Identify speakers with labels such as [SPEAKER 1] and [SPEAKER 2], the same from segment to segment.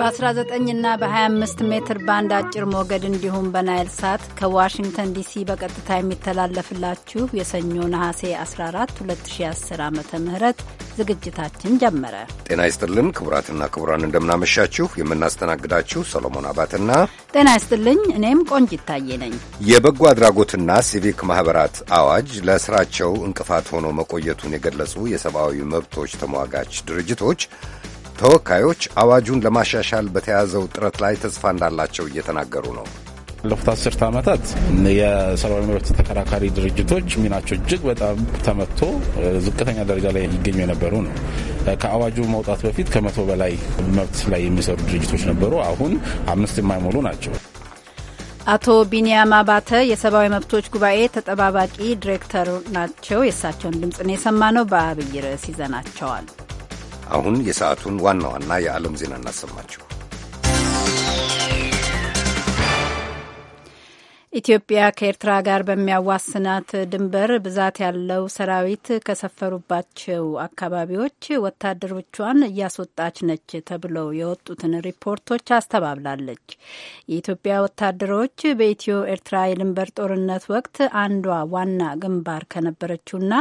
[SPEAKER 1] በ19 እና በ25 ሜትር ባንድ አጭር ሞገድ እንዲሁም በናይል ሳት ከዋሽንግተን ዲሲ በቀጥታ የሚተላለፍላችሁ የሰኞ ነሐሴ 14 2010 ዓ ም ዝግጅታችን ጀመረ።
[SPEAKER 2] ጤና ይስጥልን ክቡራትና ክቡራን፣ እንደምናመሻችሁ። የምናስተናግዳችሁ ሰሎሞን አባትና
[SPEAKER 1] ጤና ይስጥልኝ። እኔም ቆንጅ ይታየ ነኝ።
[SPEAKER 2] የበጎ አድራጎትና ሲቪክ ማኅበራት አዋጅ ለስራቸው እንቅፋት ሆኖ መቆየቱን የገለጹ የሰብአዊ መብቶች ተሟጋች ድርጅቶች ተወካዮች አዋጁን ለማሻሻል በተያዘው ጥረት ላይ ተስፋ እንዳላቸው እየተናገሩ ነው።
[SPEAKER 3] ባለፉት አስርተ ዓመታት የሰብአዊ መብት ተከራካሪ ድርጅቶች ሚናቸው እጅግ በጣም ተመቶ ዝቅተኛ ደረጃ ላይ ይገኙ የነበሩ ነው። ከአዋጁ መውጣት በፊት ከመቶ በላይ መብት ላይ የሚሰሩ ድርጅቶች ነበሩ። አሁን አምስት የማይሞሉ ናቸው።
[SPEAKER 1] አቶ ቢንያም አባተ የሰብአዊ መብቶች ጉባኤ ተጠባባቂ ዲሬክተር ናቸው። የእሳቸውን ድምፅ ነው የሰማ ነው። በአብይ ርዕስ ይዘናቸዋል።
[SPEAKER 2] አሁን የሰዓቱን ዋና ዋና የዓለም ዜና እናሰማችሁ።
[SPEAKER 1] ኢትዮጵያ ከኤርትራ ጋር በሚያዋስናት ድንበር ብዛት ያለው ሰራዊት ከሰፈሩባቸው አካባቢዎች ወታደሮቿን እያስወጣች ነች ተብለው የወጡትን ሪፖርቶች አስተባብላለች። የኢትዮጵያ ወታደሮች በኢትዮ ኤርትራ የድንበር ጦርነት ወቅት አንዷ ዋና ግንባር ከነበረችውና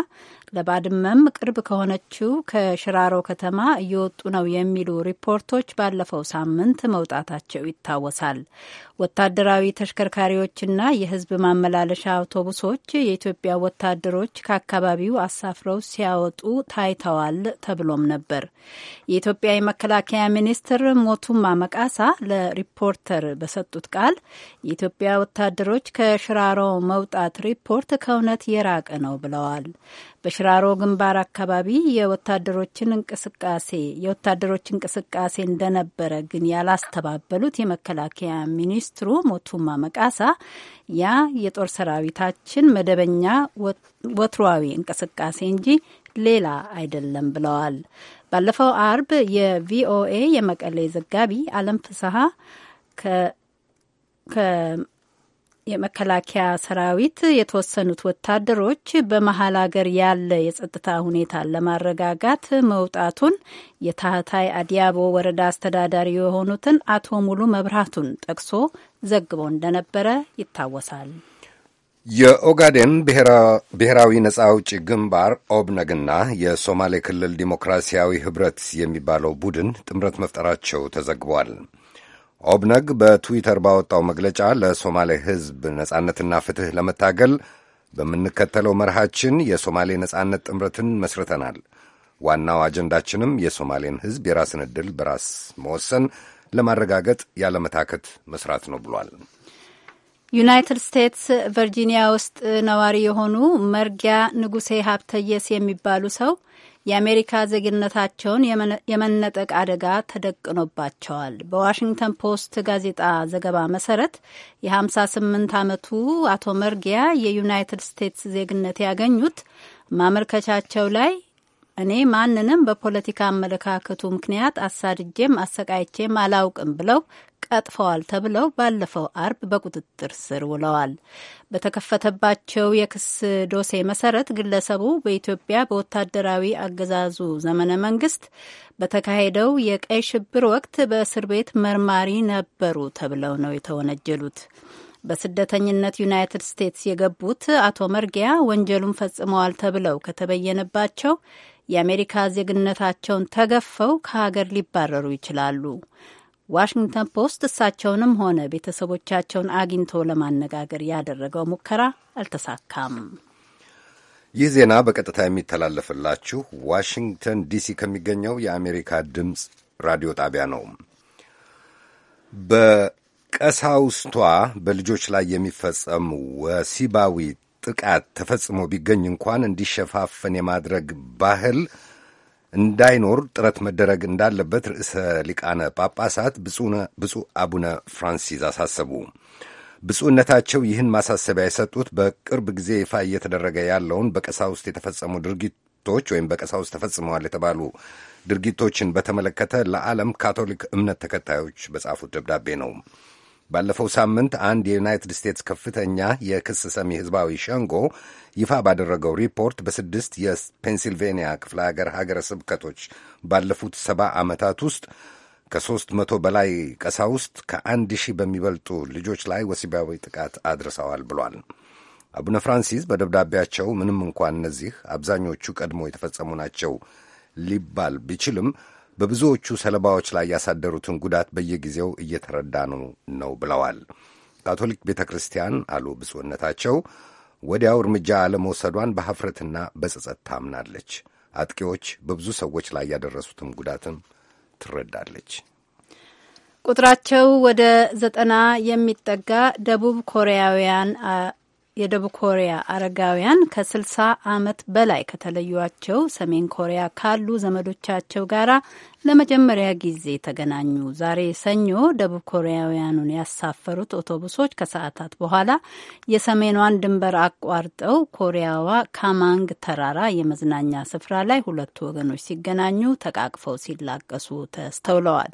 [SPEAKER 1] ለባድመም ቅርብ ከሆነችው ከሽራሮ ከተማ እየወጡ ነው የሚሉ ሪፖርቶች ባለፈው ሳምንት መውጣታቸው ይታወሳል። ወታደራዊ ተሽከርካሪዎችና የሕዝብ ማመላለሻ አውቶቡሶች የኢትዮጵያ ወታደሮች ከአካባቢው አሳፍረው ሲያወጡ ታይተዋል ተብሎም ነበር። የኢትዮጵያ የመከላከያ ሚኒስትር ሞቱማ መቃሳ ለሪፖርተር በሰጡት ቃል የኢትዮጵያ ወታደሮች ከሽራሮ መውጣት ሪፖርት ከእውነት የራቀ ነው ብለዋል። በሽራሮ ግንባር አካባቢ የወታደሮችን እንቅስቃሴ የወታደሮች እንቅስቃሴ እንደነበረ ግን ያላስተባበሉት የመከላከያ ሚኒስትሩ ሞቱማ መቃሳ ያ የጦር ሰራዊታችን መደበኛ ወትሯዊ እንቅስቃሴ እንጂ ሌላ አይደለም ብለዋል። ባለፈው አርብ የቪኦኤ የመቀሌ ዘጋቢ አለም ፍስሀ የመከላከያ ሰራዊት የተወሰኑት ወታደሮች በመሀል ሀገር ያለ የጸጥታ ሁኔታን ለማረጋጋት መውጣቱን የታህታይ አዲያቦ ወረዳ አስተዳዳሪ የሆኑትን አቶ ሙሉ መብራቱን ጠቅሶ ዘግቦ እንደነበረ ይታወሳል።
[SPEAKER 2] የኦጋዴን ብሔራዊ ነጻ አውጪ ግንባር ኦብነግና የሶማሌ ክልል ዲሞክራሲያዊ ህብረት የሚባለው ቡድን ጥምረት መፍጠራቸው ተዘግቧል። ኦብነግ በትዊተር ባወጣው መግለጫ ለሶማሌ ሕዝብ ነጻነትና ፍትሕ ለመታገል በምንከተለው መርሃችን የሶማሌ ነጻነት ጥምረትን መስርተናል። ዋናው አጀንዳችንም የሶማሌን ሕዝብ የራስን ዕድል በራስ መወሰን ለማረጋገጥ ያለመታከት መስራት ነው ብሏል።
[SPEAKER 1] ዩናይትድ ስቴትስ ቨርጂኒያ ውስጥ ነዋሪ የሆኑ መርጊያ ንጉሴ ሀብተየስ የሚባሉ ሰው የአሜሪካ ዜግነታቸውን የመነጠቅ አደጋ ተደቅኖባቸዋል። በዋሽንግተን ፖስት ጋዜጣ ዘገባ መሰረት የ58 ዓመቱ አቶ መርጊያ የዩናይትድ ስቴትስ ዜግነት ያገኙት ማመልከቻቸው ላይ እኔ ማንንም በፖለቲካ አመለካከቱ ምክንያት አሳድጄም አሰቃይቼም አላውቅም ብለው ቀጥፈዋል ተብለው ባለፈው አርብ በቁጥጥር ስር ውለዋል። በተከፈተባቸው የክስ ዶሴ መሰረት ግለሰቡ በኢትዮጵያ በወታደራዊ አገዛዙ ዘመነ መንግስት በተካሄደው የቀይ ሽብር ወቅት በእስር ቤት መርማሪ ነበሩ ተብለው ነው የተወነጀሉት። በስደተኝነት ዩናይትድ ስቴትስ የገቡት አቶ መርጊያ ወንጀሉን ፈጽመዋል ተብለው ከተበየነባቸው የአሜሪካ ዜግነታቸውን ተገፈው ከሀገር ሊባረሩ ይችላሉ። ዋሽንግተን ፖስት እሳቸውንም ሆነ ቤተሰቦቻቸውን አግኝቶ ለማነጋገር ያደረገው ሙከራ አልተሳካም።
[SPEAKER 2] ይህ ዜና በቀጥታ የሚተላለፍላችሁ ዋሽንግተን ዲሲ ከሚገኘው የአሜሪካ ድምፅ ራዲዮ ጣቢያ ነው። በቀሳውስቷ በልጆች ላይ የሚፈጸም ወሲባዊ ጥቃት ተፈጽሞ ቢገኝ እንኳን እንዲሸፋፈን የማድረግ ባህል እንዳይኖር ጥረት መደረግ እንዳለበት ርዕሰ ሊቃነ ጳጳሳት ብፁዕ አቡነ ፍራንሲስ አሳሰቡ። ብፁዕነታቸው ይህን ማሳሰቢያ የሰጡት በቅርብ ጊዜ ይፋ እየተደረገ ያለውን በቀሳውስት የተፈጸሙ ድርጊቶች ወይም በቀሳውስት ተፈጽመዋል የተባሉ ድርጊቶችን በተመለከተ ለዓለም ካቶሊክ እምነት ተከታዮች በጻፉት ደብዳቤ ነው። ባለፈው ሳምንት አንድ የዩናይትድ ስቴትስ ከፍተኛ የክስ ሰሚ ሕዝባዊ ሸንጎ ይፋ ባደረገው ሪፖርት በስድስት የፔንሲልቬንያ ክፍለ ሀገር ሀገረ ስብከቶች ባለፉት ሰባ ዓመታት ውስጥ ከሦስት መቶ በላይ ቀሳውስት ከአንድ ሺህ በሚበልጡ ልጆች ላይ ወሲባዊ ጥቃት አድርሰዋል ብሏል። አቡነ ፍራንሲስ በደብዳቤያቸው ምንም እንኳን እነዚህ አብዛኞቹ ቀድሞ የተፈጸሙ ናቸው ሊባል ቢችልም በብዙዎቹ ሰለባዎች ላይ ያሳደሩትን ጉዳት በየጊዜው እየተረዳኑ ነው ብለዋል። ካቶሊክ ቤተ ክርስቲያን አሉ ብፁዕነታቸው ወዲያው እርምጃ አለመውሰዷን በሐፍረትና በጸጸት ታምናለች። አጥቂዎች በብዙ ሰዎች ላይ ያደረሱትም ጉዳትም ትረዳለች።
[SPEAKER 1] ቁጥራቸው ወደ ዘጠና የሚጠጋ ደቡብ ኮሪያውያን የደቡብ ኮሪያ አረጋውያን ከስልሳ 60 ዓመት በላይ ከተለዩቸው ሰሜን ኮሪያ ካሉ ዘመዶቻቸው ጋር ለመጀመሪያ ጊዜ ተገናኙ። ዛሬ ሰኞ ደቡብ ኮሪያውያኑን ያሳፈሩት አውቶቡሶች ከሰዓታት በኋላ የሰሜኗን ድንበር አቋርጠው ኮሪያዋ ካማንግ ተራራ የመዝናኛ ስፍራ ላይ ሁለቱ ወገኖች ሲገናኙ ተቃቅፈው ሲላቀሱ ተስተውለዋል።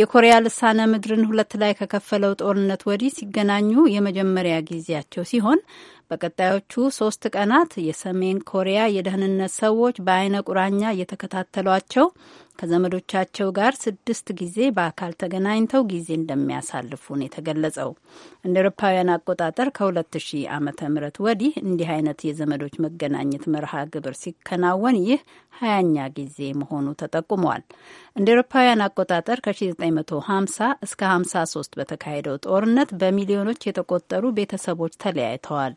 [SPEAKER 1] የኮሪያ ልሳነ ምድርን ሁለት ላይ ከከፈለው ጦርነት ወዲህ ሲገናኙ የመጀመሪያ ጊዜያቸው ሲሆን በቀጣዮቹ ሶስት ቀናት የሰሜን ኮሪያ የደህንነት ሰዎች በአይነ ቁራኛ እየተከታተሏቸው ከዘመዶቻቸው ጋር ስድስት ጊዜ በአካል ተገናኝተው ጊዜ እንደሚያሳልፉ ነው የተገለጸው። እንደ አውሮፓውያን አቆጣጠር ከ2000 ዓ ም ወዲህ እንዲህ አይነት የዘመዶች መገናኘት መርሃ ግብር ሲከናወን ይህ ሀያኛ ጊዜ መሆኑ ተጠቁሟል። እንደ ኤሮፓውያን አቆጣጠር ከ1950 እስከ 53 በተካሄደው ጦርነት በሚሊዮኖች የተቆጠሩ ቤተሰቦች ተለያይተዋል።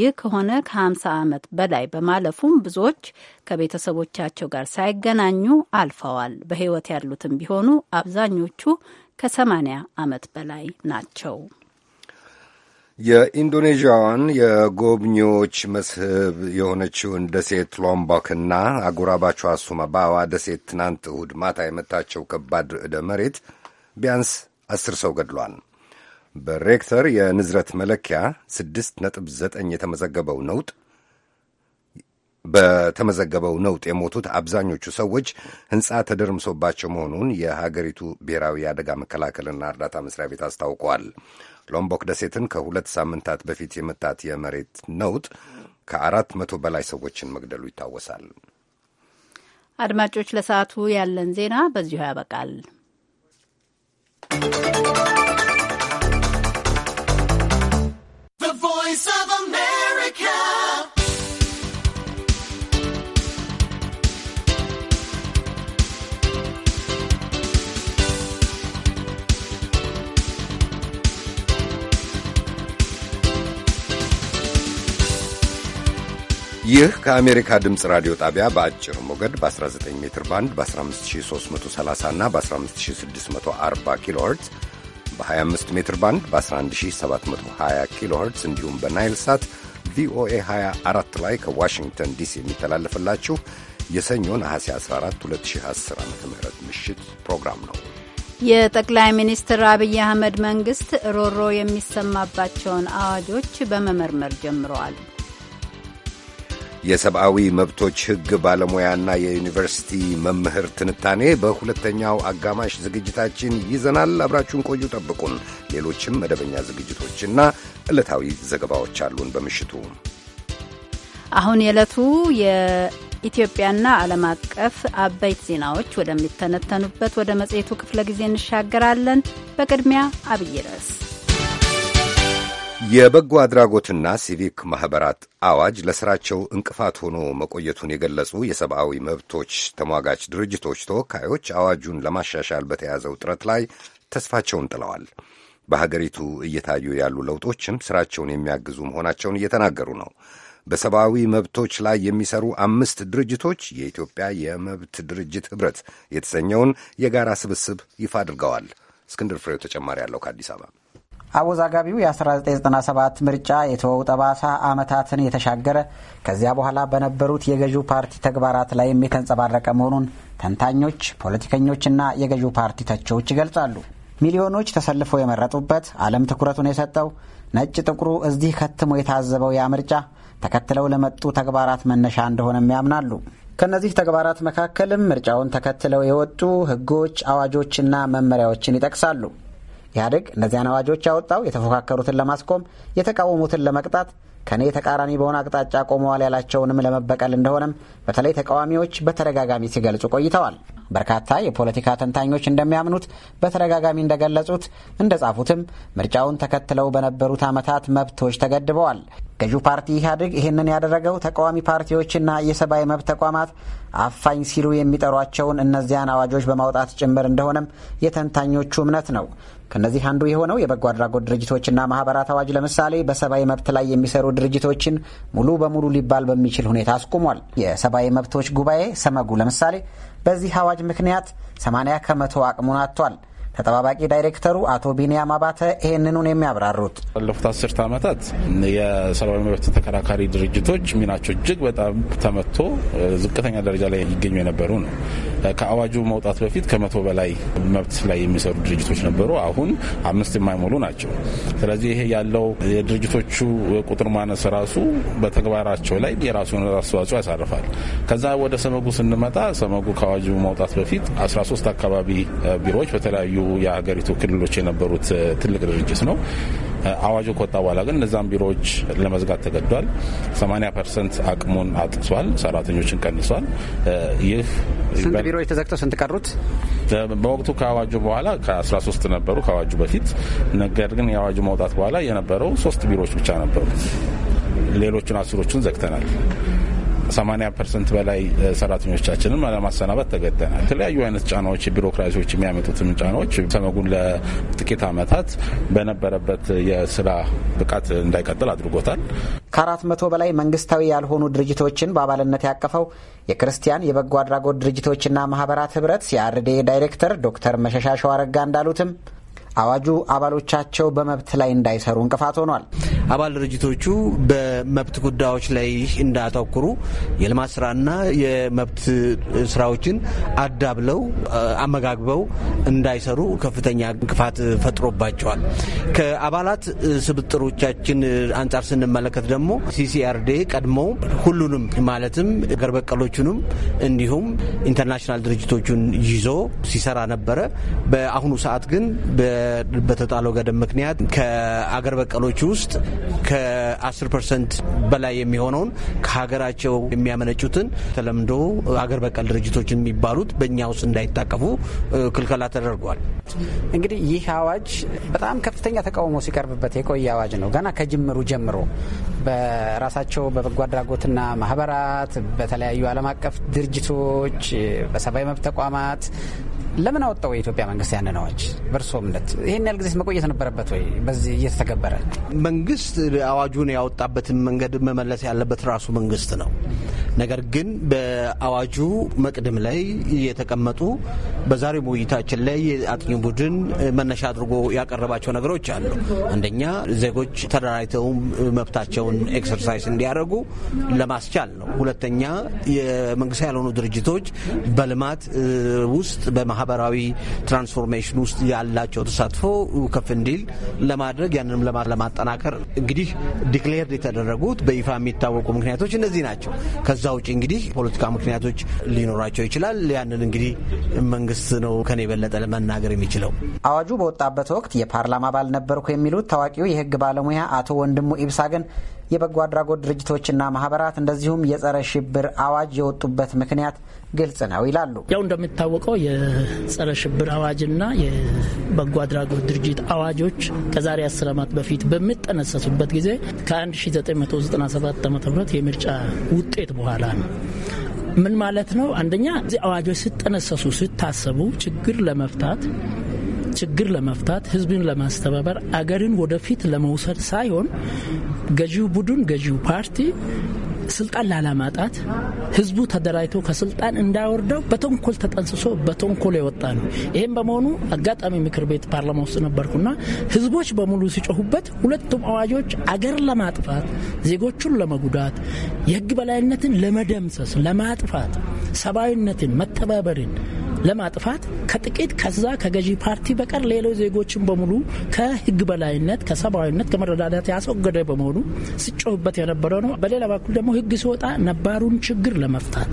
[SPEAKER 1] ይህ ከሆነ ከ50 ዓመት በላይ በማለፉም ብዙዎች ከቤተሰቦቻቸው ጋር ሳይገናኙ አልፈዋል። በሕይወት ያሉትም ቢሆኑ አብዛኞቹ ከ80 ዓመት በላይ ናቸው።
[SPEAKER 2] የኢንዶኔዥያዋን የጎብኚዎች መስህብ የሆነችውን ደሴት ሎምቦክና አጎራባቿ ሱማባዋ ደሴት ትናንት እሁድ ማታ የመታቸው ከባድ ርዕደ መሬት ቢያንስ አስር ሰው ገድሏል። በሬክተር የንዝረት መለኪያ ስድስት ነጥብ ዘጠኝ የተመዘገበው ነውጥ በተመዘገበው ነውጥ የሞቱት አብዛኞቹ ሰዎች ሕንፃ ተደርምሶባቸው መሆኑን የሀገሪቱ ብሔራዊ የአደጋ መከላከልና እርዳታ መስሪያ ቤት አስታውቀዋል። ሎምቦክ ደሴትን ከሁለት ሳምንታት በፊት የመታት የመሬት ነውጥ ከአራት መቶ በላይ ሰዎችን መግደሉ ይታወሳል።
[SPEAKER 1] አድማጮች፣ ለሰዓቱ ያለን ዜና በዚሁ ያበቃል።
[SPEAKER 2] ይህ ከአሜሪካ ድምፅ ራዲዮ ጣቢያ በአጭር ሞገድ በ19 ሜትር ባንድ በ15330 እና በ15640 ኪሎ ሄርትዝ በ25 ሜትር ባንድ በ11720 ኪሎ ሄርትዝ እንዲሁም በናይል ሳት ቪኦኤ 24 ላይ ከዋሽንግተን ዲሲ የሚተላለፍላችሁ የሰኞ ነሐሴ 14 2010 ዓ ም ምሽት ፕሮግራም ነው።
[SPEAKER 1] የጠቅላይ ሚኒስትር አብይ አህመድ መንግስት ሮሮ የሚሰማባቸውን አዋጆች በመመርመር ጀምረዋል።
[SPEAKER 2] የሰብአዊ መብቶች ሕግ ባለሙያና የዩኒቨርሲቲ መምህር ትንታኔ በሁለተኛው አጋማሽ ዝግጅታችን ይዘናል። አብራችሁን ቆዩ፣ ጠብቁን። ሌሎችም መደበኛ ዝግጅቶችና ዕለታዊ ዘገባዎች አሉን በምሽቱ።
[SPEAKER 1] አሁን የዕለቱ የኢትዮጵያና ዓለም አቀፍ አበይት ዜናዎች ወደሚተነተኑበት ወደ መጽሔቱ ክፍለ ጊዜ እንሻገራለን። በቅድሚያ አብይ ርዕስ
[SPEAKER 2] የበጎ አድራጎትና ሲቪክ ማኅበራት አዋጅ ለሥራቸው እንቅፋት ሆኖ መቆየቱን የገለጹ የሰብአዊ መብቶች ተሟጋች ድርጅቶች ተወካዮች አዋጁን ለማሻሻል በተያዘው ጥረት ላይ ተስፋቸውን ጥለዋል። በሀገሪቱ እየታዩ ያሉ ለውጦችም ሥራቸውን የሚያግዙ መሆናቸውን እየተናገሩ ነው። በሰብአዊ መብቶች ላይ የሚሰሩ አምስት ድርጅቶች የኢትዮጵያ የመብት ድርጅት ኅብረት የተሰኘውን የጋራ ስብስብ ይፋ አድርገዋል። እስክንድር ፍሬው ተጨማሪ አለው ከአዲስ አበባ
[SPEAKER 4] አወዛጋቢው የ1997 ምርጫ የተወው ጠባሳ ዓመታትን የተሻገረ ከዚያ በኋላ በነበሩት የገዢው ፓርቲ ተግባራት ላይም የተንጸባረቀ መሆኑን ተንታኞች፣ ፖለቲከኞችና የገዢው ፓርቲ ተቺዎች ይገልጻሉ። ሚሊዮኖች ተሰልፈው የመረጡበት ዓለም ትኩረቱን የሰጠው ነጭ ጥቁሩ እዚህ ከትሞ የታዘበው ያ ምርጫ ተከትለው ለመጡ ተግባራት መነሻ እንደሆነም ያምናሉ። ከእነዚህ ተግባራት መካከልም ምርጫውን ተከትለው የወጡ ሕጎች፣ አዋጆችና መመሪያዎችን ይጠቅሳሉ። ኢህአዴግ እነዚያን አዋጆች ያወጣው የተፎካከሩትን ለማስቆም የተቃወሙትን ለመቅጣት ከእኔ ተቃራኒ በሆነ አቅጣጫ ቆመዋል ያላቸውንም ለመበቀል እንደሆነም በተለይ ተቃዋሚዎች በተደጋጋሚ ሲገልጹ ቆይተዋል። በርካታ የፖለቲካ ተንታኞች እንደሚያምኑት በተደጋጋሚ እንደገለጹት ጻፉትም ምርጫውን ተከትለው በነበሩት ዓመታት መብቶች ተገድበዋል። ገዢው ፓርቲ ኢህአዴግ ይህንን ያደረገው ተቃዋሚ ፓርቲዎችና የሰብአዊ መብት ተቋማት አፋኝ ሲሉ የሚጠሯቸውን እነዚያን አዋጆች በማውጣት ጭምር እንደሆነም የተንታኞቹ እምነት ነው። ከእነዚህ አንዱ የሆነው የበጎ አድራጎት ድርጅቶችና ማህበራት አዋጅ ለምሳሌ በሰብአዊ መብት ላይ የሚሰሩ ድርጅቶችን ሙሉ በሙሉ ሊባል በሚችል ሁኔታ አስቁሟል። የሰብአዊ መብቶች ጉባኤ ሰመጉ ለምሳሌ በዚህ አዋጅ ምክንያት 80 ከመቶ አቅሙን አጥቷል። ተጠባባቂ ዳይሬክተሩ አቶ ቢንያም አባተ ይህንኑን የሚያብራሩት
[SPEAKER 3] ባለፉት አስርተ ዓመታት የሰብአዊ መብት ተከራካሪ ድርጅቶች ሚናቸው እጅግ በጣም ተመቶ ዝቅተኛ ደረጃ ላይ ይገኙ የነበሩ ነው። ከአዋጁ መውጣት በፊት ከመቶ በላይ መብት ላይ የሚሰሩ ድርጅቶች ነበሩ። አሁን አምስት የማይሞሉ ናቸው። ስለዚህ ይሄ ያለው የድርጅቶቹ ቁጥር ማነስ ራሱ በተግባራቸው ላይ የራሱን አስተዋጽኦ ያሳርፋል። ከዛ ወደ ሰመጉ ስንመጣ ሰመጉ ከአዋጁ መውጣት በፊት 13 አካባቢ ቢሮዎች በተለያዩ የሀገሪቱ ክልሎች የነበሩት ትልቅ ድርጅት ነው። አዋጁ ከወጣ በኋላ ግን እነዛም ቢሮዎች ለመዝጋት ተገዷል። 80 ፐርሰንት አቅሙን አጥሷል። ሰራተኞችን ቀንሷል። ይህ ስንት ቢሮዎች ተዘግተው ስንት ቀሩት? በወቅቱ ከአዋጁ በኋላ ከ13 ነበሩ ከአዋጁ በፊት። ነገር ግን የአዋጁ መውጣት በኋላ የነበረው ሶስት ቢሮዎች ብቻ ነበሩ። ሌሎቹን አስሮቹን ዘግተናል። 80 ፐርሰንት በላይ ሰራተኞቻችንን ለማሰናበት ተገደናል። የተለያዩ አይነት ጫናዎች፣ ቢሮክራሲዎች የሚያመጡትን ጫናዎች ሰመጉን ለጥቂት ዓመታት በነበረበት የስራ ብቃት እንዳይቀጥል አድርጎታል። ከአራት መቶ በላይ መንግስታዊ ያልሆኑ ድርጅቶችን በአባልነት
[SPEAKER 4] ያቀፈው የክርስቲያን የበጎ አድራጎት ድርጅቶችና ማህበራት ህብረት የአርዴ ዳይሬክተር ዶክተር መሸሻሸው አረጋ እንዳሉትም አዋጁ አባሎቻቸው በመብት ላይ እንዳይሰሩ እንቅፋት ሆኗል።
[SPEAKER 5] አባል ድርጅቶቹ በመብት ጉዳዮች ላይ እንዳተኩሩ የልማት ስራና የመብት ስራዎችን አዳብለው አመጋግበው እንዳይሰሩ ከፍተኛ እንቅፋት ፈጥሮባቸዋል። ከአባላት ስብጥሮቻችን አንጻር ስንመለከት ደግሞ ሲሲአርዴ ቀድሞ ሁሉንም ማለትም ገር በቀሎቹንም እንዲሁም ኢንተርናሽናል ድርጅቶቹን ይዞ ሲሰራ ነበረ። በአሁኑ ሰዓት ግን በተጣለው ገደብ ምክንያት ከአገር በቀሎች ውስጥ ከ10 ፐርሰንት በላይ የሚሆነውን ከሀገራቸው የሚያመነጩትን ተለምዶ አገር በቀል ድርጅቶች የሚባሉት በእኛ ውስጥ እንዳይታቀፉ ክልከላ
[SPEAKER 4] ተደርጓል። እንግዲህ ይህ አዋጅ በጣም ከፍተኛ ተቃውሞ ሲቀርብበት የቆየ አዋጅ ነው። ገና ከጅምሩ ጀምሮ በራሳቸው በበጎ አድራጎትና ማህበራት፣ በተለያዩ ዓለም አቀፍ ድርጅቶች፣ በሰብአዊ መብት ተቋማት ለምን አወጣው የኢትዮጵያ መንግስት ያንን አዋጅ? በእርስዎ እምነት ይህን ያህል ጊዜ መቆየት ነበረበት ወይ? በዚህ እየተተገበረ
[SPEAKER 5] መንግስት አዋጁን ያወጣበትን መንገድ መመለስ ያለበት ራሱ መንግስት ነው። ነገር ግን በአዋጁ መቅድም ላይ የተቀመጡ በዛሬው ውይይታችን ላይ የአጥኚ ቡድን መነሻ አድርጎ ያቀረባቸው ነገሮች አሉ። አንደኛ ዜጎች ተደራጅተው መብታቸውን ኤክሰርሳይዝ እንዲያደርጉ ለማስቻል ነው። ሁለተኛ የመንግስት ያልሆኑ ድርጅቶች በልማት ውስጥ በማህ ማህበራዊ ትራንስፎርሜሽን ውስጥ ያላቸው ተሳትፎ ከፍ እንዲል ለማድረግ ያንንም ለማጠናከር እንግዲህ ዲክሌር የተደረጉት በይፋ የሚታወቁ ምክንያቶች እነዚህ ናቸው። ከዛ ውጭ እንግዲህ ፖለቲካ ምክንያቶች ሊኖራቸው ይችላል። ያንን እንግዲህ መንግስት ነው ከኔ የበለጠ
[SPEAKER 4] ለመናገር የሚችለው። አዋጁ በወጣበት ወቅት የፓርላማ አባል ነበርኩ የሚሉት ታዋቂው የህግ ባለሙያ አቶ ወንድሙ ኢብሳ ግን የበጎ አድራጎት ድርጅቶችና ማህበራት እንደዚሁም የጸረ ሽብር
[SPEAKER 6] አዋጅ የወጡበት ምክንያት ግልጽ ነው ይላሉ። ያው እንደሚታወቀው የጸረ ሽብር አዋጅና የበጎ አድራጎት ድርጅት አዋጆች ከዛሬ አስር ዓመት በፊት በሚጠነሰሱበት ጊዜ ከ1997 ዓ ም የምርጫ ውጤት በኋላ ነው። ምን ማለት ነው? አንደኛ እዚህ አዋጆች ሲጠነሰሱ ሲታሰቡ ችግር ለመፍታት ችግር ለመፍታት ህዝብን ለማስተባበር አገርን ወደፊት ለመውሰድ ሳይሆን ገዢው ቡድን ገዢው ፓርቲ ስልጣን ላለማጣት ህዝቡ ተደራጅቶ ከስልጣን እንዳወርደው በተንኮል ተጠንስሶ በተንኮል የወጣ ነው። ይህም በመሆኑ አጋጣሚ ምክር ቤት ፓርላማ ውስጥ ነበርኩና ህዝቦች በሙሉ ሲጮሁበት ሁለቱም አዋጆች አገር ለማጥፋት ዜጎቹን ለመጉዳት የህግ በላይነትን ለመደምሰስ ለማጥፋት ሰብአዊነትን መተባበርን ለማጥፋት ከጥቂት ከዛ ከገዢ ፓርቲ በቀር ሌሎች ዜጎችን በሙሉ ከህግ በላይነት ከሰብአዊነት ከመረዳዳት ያስወገደ በመሆኑ ሲጮህበት የነበረ ነው። በሌላ በኩል ደግሞ ህግ ሲወጣ ነባሩን ችግር ለመፍታት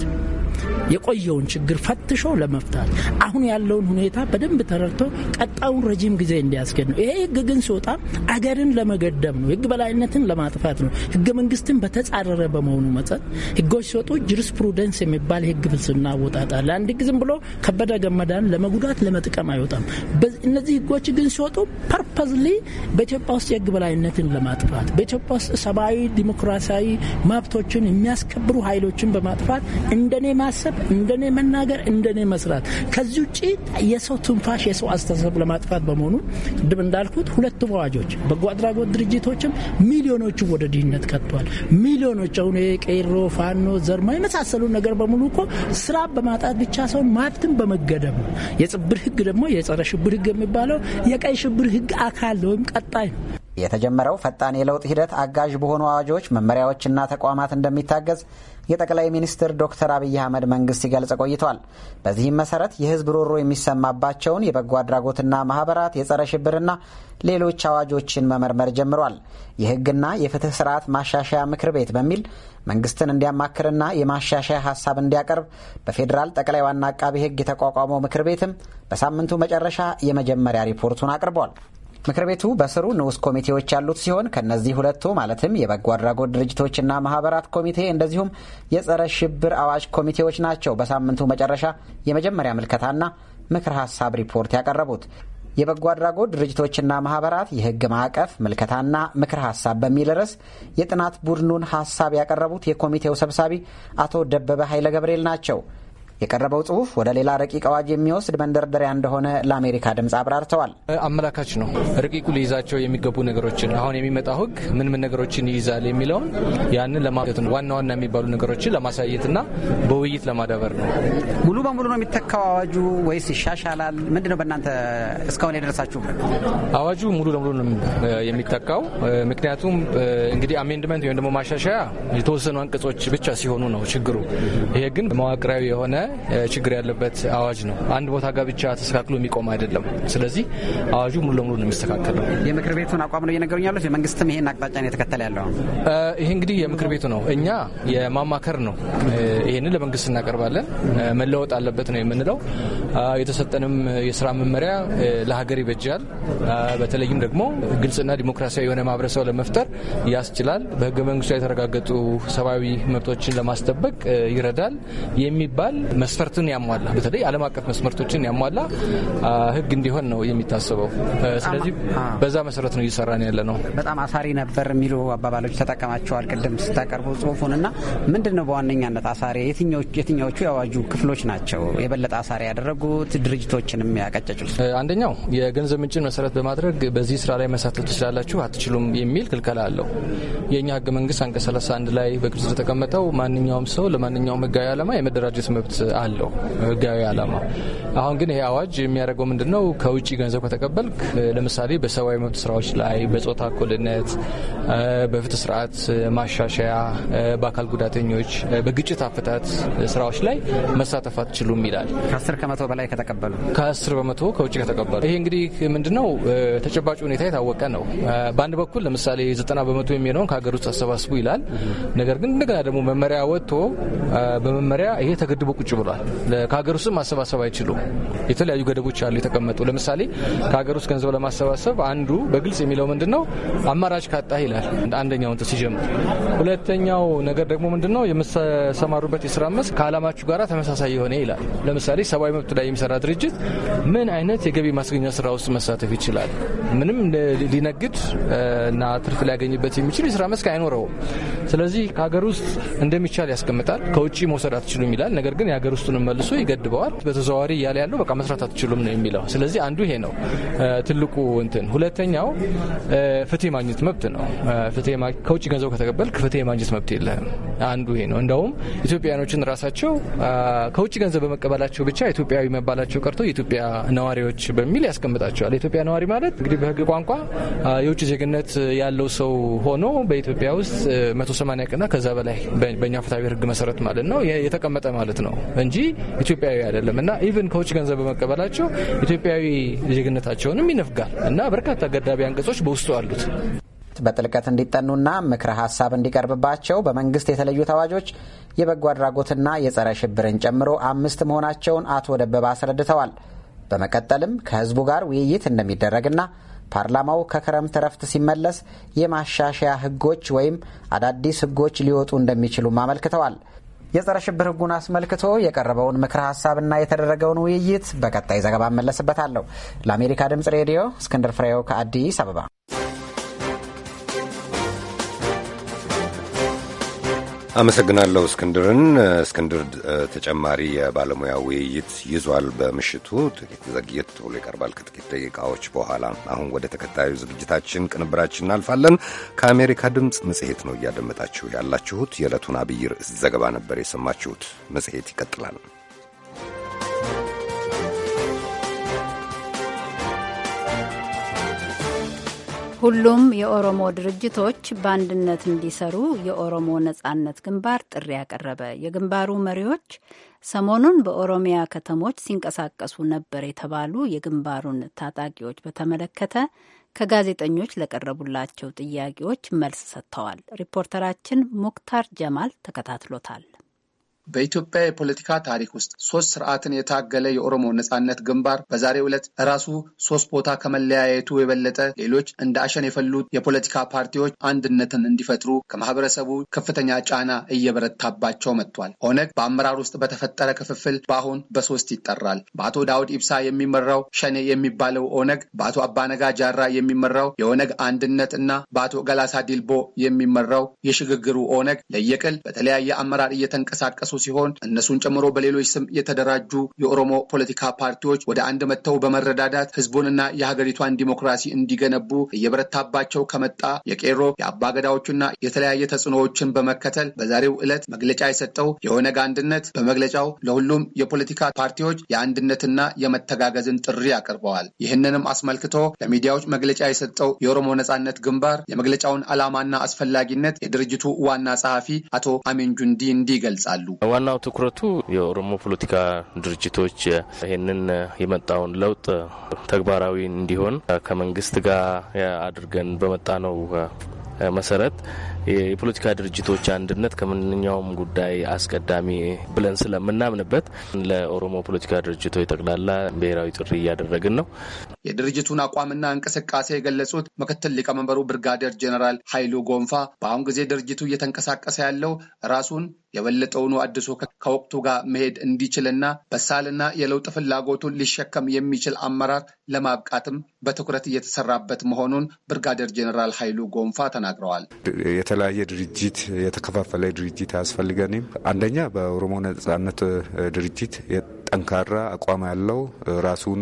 [SPEAKER 6] የቆየውን ችግር ፈትሾ ለመፍታት አሁን ያለውን ሁኔታ በደንብ ተረድቶ ቀጣውን ረጅም ጊዜ እንዲያስገድ ነው። ይሄ ህግ ግን ሲወጣ አገርን ለመገደብ ነው፣ ህግ በላይነትን ለማጥፋት ነው። ህገ መንግስትን በተጻረረ በመሆኑ መጠን ህጎች ሲወጡ ጁሪስፕሩደንስ የሚባል ህግ ፍልስፍና አወጣጣል። አንድ ጊዜም ብሎ ከበ ከበደ ገመዳን ለመጉዳት ለመጥቀም አይወጣም። እነዚህ ህጎች ግን ሲወጡ ፐርፐዝሊ በኢትዮጵያ ውስጥ የህግ በላይነትን ለማጥፋት በኢትዮጵያ ውስጥ ሰብአዊ ዲሞክራሲያዊ መብቶችን የሚያስከብሩ ኃይሎችን በማጥፋት እንደኔ ማሰብ፣ እንደኔ መናገር፣ እንደኔ መስራት ከዚህ ውጭ የሰው ትንፋሽ የሰው አስተሳሰብ ለማጥፋት በመሆኑ ቅድም እንዳልኩት ሁለቱም አዋጆች በጎ አድራጎት ድርጅቶችም ሚሊዮኖቹ ወደ ድህነት ከጥቷል። ሚሊዮኖች አሁን ቄሮ፣ ፋኖ፣ ዘርማ የመሳሰሉ ነገር በሙሉ እኮ ስራ በማጣት ብቻ ሰውን ማብትን በመ መገደብ ነው። የጽብር ህግ ደግሞ የጸረ ሽብር ህግ የሚባለው የቀይ ሽብር ህግ አካል ወይም ቀጣይ ነው።
[SPEAKER 4] የተጀመረው ፈጣን የለውጥ ሂደት አጋዥ በሆኑ አዋጆች፣ መመሪያዎችና ተቋማት እንደሚታገዝ የጠቅላይ ሚኒስትር ዶክተር አብይ አህመድ መንግስት ሲገልጽ ቆይቷል። በዚህም መሰረት የህዝብ ሮሮ የሚሰማባቸውን የበጎ አድራጎትና ማህበራት፣ የጸረ ሽብርና ሌሎች አዋጆችን መመርመር ጀምሯል። የህግና የፍትህ ስርዓት ማሻሻያ ምክር ቤት በሚል መንግስትን እንዲያማክርና የማሻሻያ ሀሳብ እንዲያቀርብ በፌዴራል ጠቅላይ ዋና አቃቢ ህግ የተቋቋመው ምክር ቤትም በሳምንቱ መጨረሻ የመጀመሪያ ሪፖርቱን አቅርቧል። ምክር ቤቱ በስሩ ንዑስ ኮሚቴዎች ያሉት ሲሆን ከእነዚህ ሁለቱ ማለትም የበጎ አድራጎት ድርጅቶችና ማህበራት ኮሚቴ እንደዚሁም የጸረ ሽብር አዋጅ ኮሚቴዎች ናቸው በሳምንቱ መጨረሻ የመጀመሪያ ምልከታና ምክር ሀሳብ ሪፖርት ያቀረቡት። የበጎ አድራጎት ድርጅቶችና ማህበራት የህግ ማዕቀፍ ምልከታና ምክር ሀሳብ በሚል ርዕስ የጥናት ቡድኑን ሀሳብ ያቀረቡት የኮሚቴው ሰብሳቢ አቶ ደበበ ኃይለ ገብርኤል ናቸው። የቀረበው ጽሁፍ ወደ ሌላ ረቂቅ አዋጅ የሚወስድ መንደርደሪያ እንደሆነ ለአሜሪካ ድምፅ አብራርተዋል።
[SPEAKER 7] አመላካች ነው። ረቂቁ ሊይዛቸው የሚገቡ ነገሮችን አሁን የሚመጣው ህግ ምን ምን ነገሮችን ይይዛል የሚለውን ያንን ለማለት ነው። ዋና ዋና የሚባሉ ነገሮችን ለማሳየትና በውይይት ለማዳበር ነው። ሙሉ በሙሉ ነው የሚተካው አዋጁ ወይስ ይሻሻላል? ምንድን ነው
[SPEAKER 4] በእናንተ እስካሁን የደረሳችሁበት?
[SPEAKER 7] አዋጁ ሙሉ ለሙሉ ነው የሚተካው። ምክንያቱም እንግዲህ አሜንድመንት ወይም ደግሞ ማሻሻያ የተወሰኑ አንቀጾች ብቻ ሲሆኑ ነው ችግሩ። ይሄ ግን መዋቅራዊ የሆነ ችግር ያለበት አዋጅ ነው። አንድ ቦታ ጋር ብቻ ተስተካክሎ የሚቆም አይደለም። ስለዚህ አዋጁ ሙሉ ለሙሉ ነው የሚስተካከለው።
[SPEAKER 4] የምክር ቤቱን አቋም
[SPEAKER 7] ነው እየነገሩኝ ያሉት። የመንግስትም ይሄን አቅጣጫ ነው የተከተለ ያለው። ይህ እንግዲህ የምክር ቤቱ ነው። እኛ የማማከር ነው። ይህንን ለመንግስት እናቀርባለን። መለወጥ አለበት ነው የምንለው። የተሰጠንም የስራ መመሪያ ለሀገር ይበጃል። በተለይም ደግሞ ግልጽና ዲሞክራሲያዊ የሆነ ማህበረሰብ ለመፍጠር ያስችላል። በህገ መንግስቱ የተረጋገጡ ሰብአዊ መብቶችን ለማስጠበቅ ይረዳል የሚባል መስፈርትን ያሟላ በተለይ ዓለም አቀፍ መስመርቶችን ያሟላ ህግ እንዲሆን ነው የሚታሰበው። ስለዚህ በዛ መሰረት ነው እየሰራን ያለ ነው።
[SPEAKER 4] በጣም አሳሪ ነበር የሚሉ አባባሎች ተጠቀማቸዋል ቅድም ስታቀርቡ ጽሁፉን እና ምንድን ነው በዋነኛነት አሳሪ
[SPEAKER 7] የትኛዎቹ የአዋጁ ክፍሎች ናቸው የበለጠ አሳሪ ያደረጉት ድርጅቶችንም ያቀጨጩት? አንደኛው የገንዘብ ምንጭን መሰረት በማድረግ በዚህ ስራ ላይ መሳተፍ ትችላላችሁ አትችሉም የሚል ክልከላ አለው። የእኛ ህገ መንግስት አንቀጽ 31 ላይ በግልጽ ተቀመጠው ማንኛውም ሰው ለማንኛውም ህጋዊ አላማ የመደራጀት መብት አለው ህጋዊ አላማ። አሁን ግን ይሄ አዋጅ የሚያደርገው ምንድን ነው? ከውጭ ገንዘብ ከተቀበልክ ለምሳሌ በሰብአዊ መብት ስራዎች ላይ፣ በጾታ እኩልነት፣ በፍትህ ስርዓት ማሻሻያ፣ በአካል ጉዳተኞች፣ በግጭት አፈታት ስራዎች ላይ መሳተፍ አትችሉም ይላል። ከአስር ከመቶ በላይ ከተቀበሉ ከአስር በመቶ ከውጭ ከተቀበሉ ይሄ እንግዲህ ምንድነው ተጨባጭ ሁኔታ የታወቀ ነው። በአንድ በኩል ለምሳሌ ዘጠና በመቶ የሚሆነውን ከሀገር ውስጥ አሰባስቡ ይላል። ነገር ግን እንደገና ደግሞ መመሪያ ወጥቶ በመመሪያ ይሄ ተገድቦ ቁጭ ብሏል። ከሀገር ውስጥ ማሰባሰብ አይችሉም። የተለያዩ ገደቦች አሉ የተቀመጡ። ለምሳሌ ከሀገር ውስጥ ገንዘብ ለማሰባሰብ አንዱ በግልጽ የሚለው ምንድን ነው አማራጭ ካጣ ይላል። አንደኛው ጥስ ሲጀምር፣ ሁለተኛው ነገር ደግሞ ምንድን ነው የስራ መስክ ከአላማችሁ ጋር ተመሳሳይ የሆነ ይላል። ለምሳሌ ሰብአዊ መብት ላይ የሚሰራ ድርጅት ምን አይነት የገቢ ማስገኛ ስራ ውስጥ መሳተፍ ይችላል? ምንም ሊነግድ እና ትርፍ ሊያገኝበት የሚችል የስራ መስክ አይኖረውም። ስለዚህ ከሀገር ውስጥ እንደሚቻል ያስቀምጣል። ከውጭ መውሰድ አትችሉም ይላል። ነገር ግን ሀገር ውስጡን መልሶ ይገድበዋል። በተዘዋዋሪ እያለ ያለው በቃ መስራት አትችሉም ነው የሚለው። ስለዚህ አንዱ ይሄ ነው ትልቁ እንትን። ሁለተኛው ፍትህ የማግኘት መብት ነው። ከውጭ ገንዘብ ከተቀበልክ ፍትህ የማግኘት መብት የለህም። አንዱ ይሄ ነው። እንደውም ኢትዮጵያኖችን ራሳቸው ከውጭ ገንዘብ በመቀበላቸው ብቻ ኢትዮጵያዊ መባላቸው ቀርቶ የኢትዮጵያ ነዋሪዎች በሚል ያስቀምጣቸዋል። የኢትዮጵያ ነዋሪ ማለት እንግዲህ በህግ ቋንቋ የውጭ ዜግነት ያለው ሰው ሆኖ በኢትዮጵያ ውስጥ 180 ቀና ከዛ በላይ በእኛ ፍትሐዊ ህግ መሰረት ማለት ነው የተቀመጠ ማለት ነው። እንጂ ኢትዮጵያዊ አይደለም እና ኢቨን ከውጭ ገንዘብ በመቀበላቸው ኢትዮጵያዊ ዜግነታቸውንም ይነፍጋል እና በርካታ ገዳቢ አንቀጾች በውስጡ አሉት። በጥልቀት
[SPEAKER 4] እንዲጠኑና ምክረ ሀሳብ እንዲቀርብባቸው በመንግስት የተለዩት አዋጆች የበጎ አድራጎትና የጸረ ሽብርን ጨምሮ አምስት መሆናቸውን አቶ ደበበ አስረድተዋል። በመቀጠልም ከህዝቡ ጋር ውይይት እንደሚደረግና ፓርላማው ከክረምት እረፍት ሲመለስ የማሻሻያ ህጎች ወይም አዳዲስ ህጎች ሊወጡ እንደሚችሉም አመልክተዋል። የጸረ ሽብር ህጉን አስመልክቶ የቀረበውን ምክረ ሀሳብና የተደረገውን ውይይት በቀጣይ ዘገባ እመለስበታለሁ። ለአሜሪካ ድምጽ ሬዲዮ እስክንድር ፍሬው ከአዲስ አበባ
[SPEAKER 2] አመሰግናለሁ እስክንድርን። እስክንድር ተጨማሪ የባለሙያ ውይይት ይዟል በምሽቱ ጥቂት ዘግየት ብሎ ይቀርባል ከጥቂት ደቂቃዎች በኋላ። አሁን ወደ ተከታዩ ዝግጅታችን ቅንብራችን እናልፋለን። ከአሜሪካ ድምፅ መጽሔት ነው እያደመጣችሁ ያላችሁት። የዕለቱን አብይ ርዕስ ዘገባ ነበር የሰማችሁት። መጽሔት ይቀጥላል።
[SPEAKER 1] ሁሉም የኦሮሞ ድርጅቶች በአንድነት እንዲሰሩ የኦሮሞ ነጻነት ግንባር ጥሪ ያቀረበ። የግንባሩ መሪዎች ሰሞኑን በኦሮሚያ ከተሞች ሲንቀሳቀሱ ነበር የተባሉ የግንባሩን ታጣቂዎች በተመለከተ ከጋዜጠኞች ለቀረቡላቸው ጥያቄዎች
[SPEAKER 8] መልስ ሰጥተዋል። ሪፖርተራችን ሙክታር ጀማል ተከታትሎታል። በኢትዮጵያ የፖለቲካ ታሪክ ውስጥ ሶስት ስርዓትን የታገለ የኦሮሞ ነጻነት ግንባር በዛሬው ዕለት ራሱ ሶስት ቦታ ከመለያየቱ የበለጠ ሌሎች እንደ አሸን የፈሉት የፖለቲካ ፓርቲዎች አንድነትን እንዲፈጥሩ ከማህበረሰቡ ከፍተኛ ጫና እየበረታባቸው መጥቷል። ኦነግ በአመራር ውስጥ በተፈጠረ ክፍፍል በአሁን በሶስት ይጠራል። በአቶ ዳውድ ኢብሳ የሚመራው ሸኔ የሚባለው ኦነግ፣ በአቶ አባነጋ ጃራ የሚመራው የኦነግ አንድነት እና በአቶ ገላሳ ዲልቦ የሚመራው የሽግግሩ ኦነግ ለየቅል በተለያየ አመራር እየተንቀሳቀሱ የጠቀሱ ሲሆን እነሱን ጨምሮ በሌሎች ስም የተደራጁ የኦሮሞ ፖለቲካ ፓርቲዎች ወደ አንድ መጥተው በመረዳዳት ህዝቡንና የሀገሪቷን ዲሞክራሲ እንዲገነቡ እየበረታባቸው ከመጣ የቄሮ የአባገዳዎችና የተለያየ ተጽዕኖዎችን በመከተል በዛሬው ዕለት መግለጫ የሰጠው የኦነግ አንድነት በመግለጫው ለሁሉም የፖለቲካ ፓርቲዎች የአንድነትና የመተጋገዝን ጥሪ አቅርበዋል። ይህንንም አስመልክቶ ለሚዲያዎች መግለጫ የሰጠው የኦሮሞ ነጻነት ግንባር የመግለጫውን ዓላማና አስፈላጊነት የድርጅቱ ዋና ጸሐፊ አቶ አሜንጁንዲ እንዲህ ይገልጻሉ።
[SPEAKER 9] ዋናው ትኩረቱ የኦሮሞ ፖለቲካ ድርጅቶች ይህንን የመጣውን ለውጥ ተግባራዊ እንዲሆን ከመንግስት ጋር አድርገን በመጣ ነው መሰረት የፖለቲካ ድርጅቶች አንድነት ከማንኛውም ጉዳይ አስቀዳሚ
[SPEAKER 8] ብለን ስለምናምንበት ለኦሮሞ ፖለቲካ ድርጅቶች ጠቅላላ ብሔራዊ ጥሪ እያደረግን ነው። የድርጅቱን አቋምና እንቅስቃሴ የገለጹት ምክትል ሊቀመንበሩ ብርጋዴር ጀነራል ኃይሉ ጎንፋ በአሁን ጊዜ ድርጅቱ እየተንቀሳቀሰ ያለው ራሱን የበለጠውኑ አድሶ ከወቅቱ ጋር መሄድ እንዲችልና በሳልና የለውጥ ፍላጎቱን ሊሸከም የሚችል አመራር ለማብቃትም በትኩረት እየተሰራበት መሆኑን ብርጋዴር ጀነራል ኃይሉ ጎንፋ ተናግረዋል።
[SPEAKER 10] የተለያየ ድርጅት የተከፋፈለ ድርጅት አያስፈልገንም። አንደኛ በኦሮሞ ነጻነት ድርጅት ጠንካራ አቋም ያለው ራሱን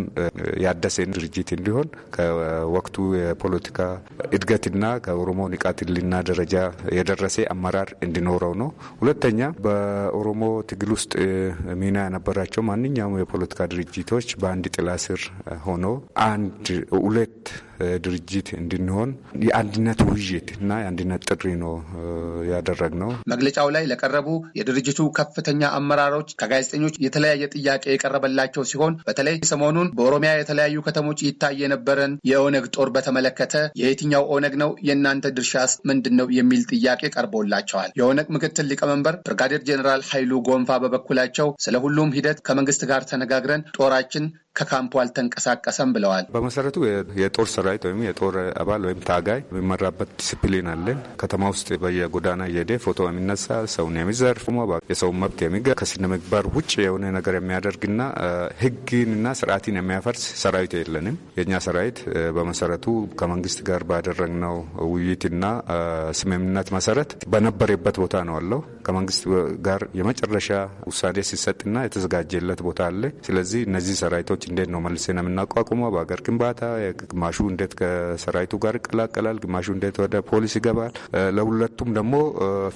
[SPEAKER 10] ያደሰን ድርጅት እንዲሆን ከወቅቱ የፖለቲካ እድገትና ከኦሮሞ ንቃት ህሊና ደረጃ የደረሰ አመራር እንዲኖረው ነው። ሁለተኛ በኦሮሞ ትግል ውስጥ ሚና የነበራቸው ማንኛውም የፖለቲካ ድርጅቶች በአንድ ጥላ ስር ሆኖ አንድ ሁለት ድርጅት እንድንሆን የአንድነት ውይይት እና የአንድነት ጥሪ ነው ነው።
[SPEAKER 8] መግለጫው ላይ ለቀረቡ የድርጅቱ ከፍተኛ አመራሮች ከጋዜጠኞች የተለያየ ጥያቄ የቀረበላቸው ሲሆን በተለይ ሰሞኑን በኦሮሚያ የተለያዩ ከተሞች ይታይ የነበረን የኦነግ ጦር በተመለከተ የየትኛው ኦነግ ነው የእናንተ ድርሻስ ምንድን ነው የሚል ጥያቄ ቀርቦላቸዋል። የኦነግ ምክትል ሊቀመንበር ብርጋዴር ጀኔራል ኃይሉ ጎንፋ በበኩላቸው ስለ ሁሉም ሂደት ከመንግስት ጋር ተነጋግረን ጦራችን ከካምፑ አልተንቀሳቀሰም ብለዋል።
[SPEAKER 10] በመሰረቱ የጦር ሰራዊት ወይም የጦር አባል ወይም ታጋይ የሚመራበት ዲስፕሊን አለን። ከተማ ውስጥ በየጎዳና እየሄደ ፎቶ የሚነሳ ሰውን የሚዘርፍ የሰውን መብት የሚገ ከስነ ምግባር ውጭ የሆነ ነገር የሚያደርግና ህግንና ስርዓትን የሚያፈርስ ሰራዊት የለንም። የእኛ ሰራዊት በመሰረቱ ከመንግስት ጋር ባደረግነው ውይይትና ስምምነት መሰረት በነበረበት ቦታ ነው አለው። ከመንግስት ጋር የመጨረሻ ውሳኔ ሲሰጥና የተዘጋጀለት ቦታ አለ። ስለዚህ እነዚህ ሰራዊቶች ሰዎች እንዴት ነው መልሰን የምናቋቁመው? በሀገር ግንባታ ግማሹ እንዴት ከሰራዊቱ ጋር ይቀላቀላል፣ ግማሹ እንዴት ወደ ፖሊስ ይገባል። ለሁለቱም ደግሞ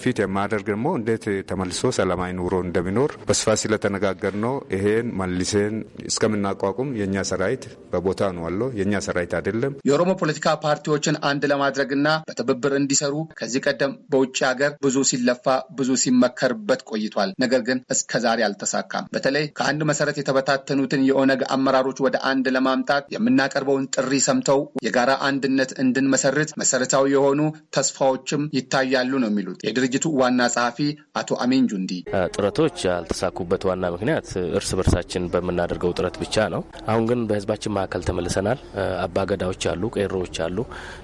[SPEAKER 10] ፊት የማደርግ ደግሞ እንዴት ተመልሶ ሰላማዊ ኑሮ እንደሚኖር በስፋት ስለተነጋገር ነው። ይሄን መልሴን እስከምናቋቁም የእኛ ሰራዊት በቦታ ነው አለው። የእኛ ሰራዊት አይደለም።
[SPEAKER 8] የኦሮሞ ፖለቲካ ፓርቲዎችን አንድ ለማድረግና በትብብር እንዲሰሩ ከዚህ ቀደም በውጭ ሀገር ብዙ ሲለፋ ብዙ ሲመከርበት ቆይቷል። ነገር ግን እስከዛሬ አልተሳካም። በተለይ ከአንድ መሰረት የተበታተኑትን የኦነግ አመራሮች ወደ አንድ ለማምጣት የምናቀርበውን ጥሪ ሰምተው የጋራ አንድነት እንድንመሰርት መሰረታዊ የሆኑ ተስፋዎችም ይታያሉ ነው የሚሉት የድርጅቱ ዋና ጸሐፊ አቶ አሚን ጁንዲ።
[SPEAKER 9] ጥረቶች ያልተሳኩበት ዋና ምክንያት እርስ በርሳችን በምናደርገው ጥረት ብቻ ነው። አሁን ግን በህዝባችን መካከል ተመልሰናል። አባገዳዎች አሉ፣ ቄሮዎች አሉ፣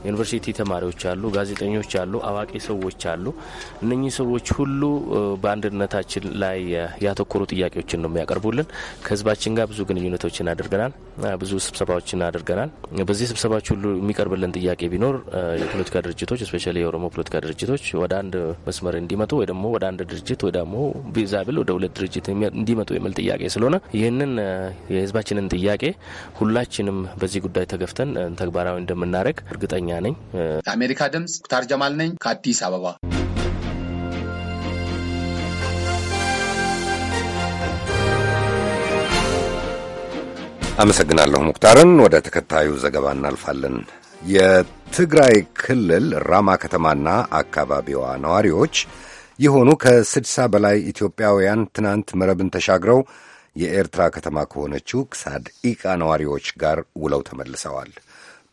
[SPEAKER 9] ዩኒቨርሲቲ ተማሪዎች አሉ፣ ጋዜጠኞች አሉ፣ አዋቂ ሰዎች አሉ። እነኚህ ሰዎች ሁሉ በአንድነታችን ላይ ያተኮሩ ጥያቄዎችን ነው የሚያቀርቡልን። ከህዝባችን ጋር ብዙ ግንኙነቶች ውይይቶችን አድርገናል። ብዙ ስብሰባዎችን አድርገናል። በዚህ ስብሰባዎች ሁሉ የሚቀርብልን ጥያቄ ቢኖር የፖለቲካ ድርጅቶች እስፔሻሊ የኦሮሞ ፖለቲካ ድርጅቶች ወደ አንድ መስመር እንዲመጡ ወይ ደግሞ ወደ አንድ ድርጅት ወይ ደግሞ ቢዛብል ወደ ሁለት ድርጅት እንዲመጡ የሚል ጥያቄ ስለሆነ ይህንን የህዝባችንን ጥያቄ ሁላችንም በዚህ ጉዳይ ተገፍተን ተግባራዊ እንደምናደርግ እርግጠኛ ነኝ።
[SPEAKER 8] የአሜሪካ ድምጽ ኩታር ጀማል ነኝ ከአዲስ አበባ
[SPEAKER 2] አመሰግናለሁ ሙክታርን። ወደ ተከታዩ ዘገባ እናልፋለን። የትግራይ ክልል ራማ ከተማና አካባቢዋ ነዋሪዎች የሆኑ ከስድሳ በላይ ኢትዮጵያውያን ትናንት መረብን ተሻግረው የኤርትራ ከተማ ከሆነችው ሳድኢቃ ነዋሪዎች ጋር ውለው ተመልሰዋል።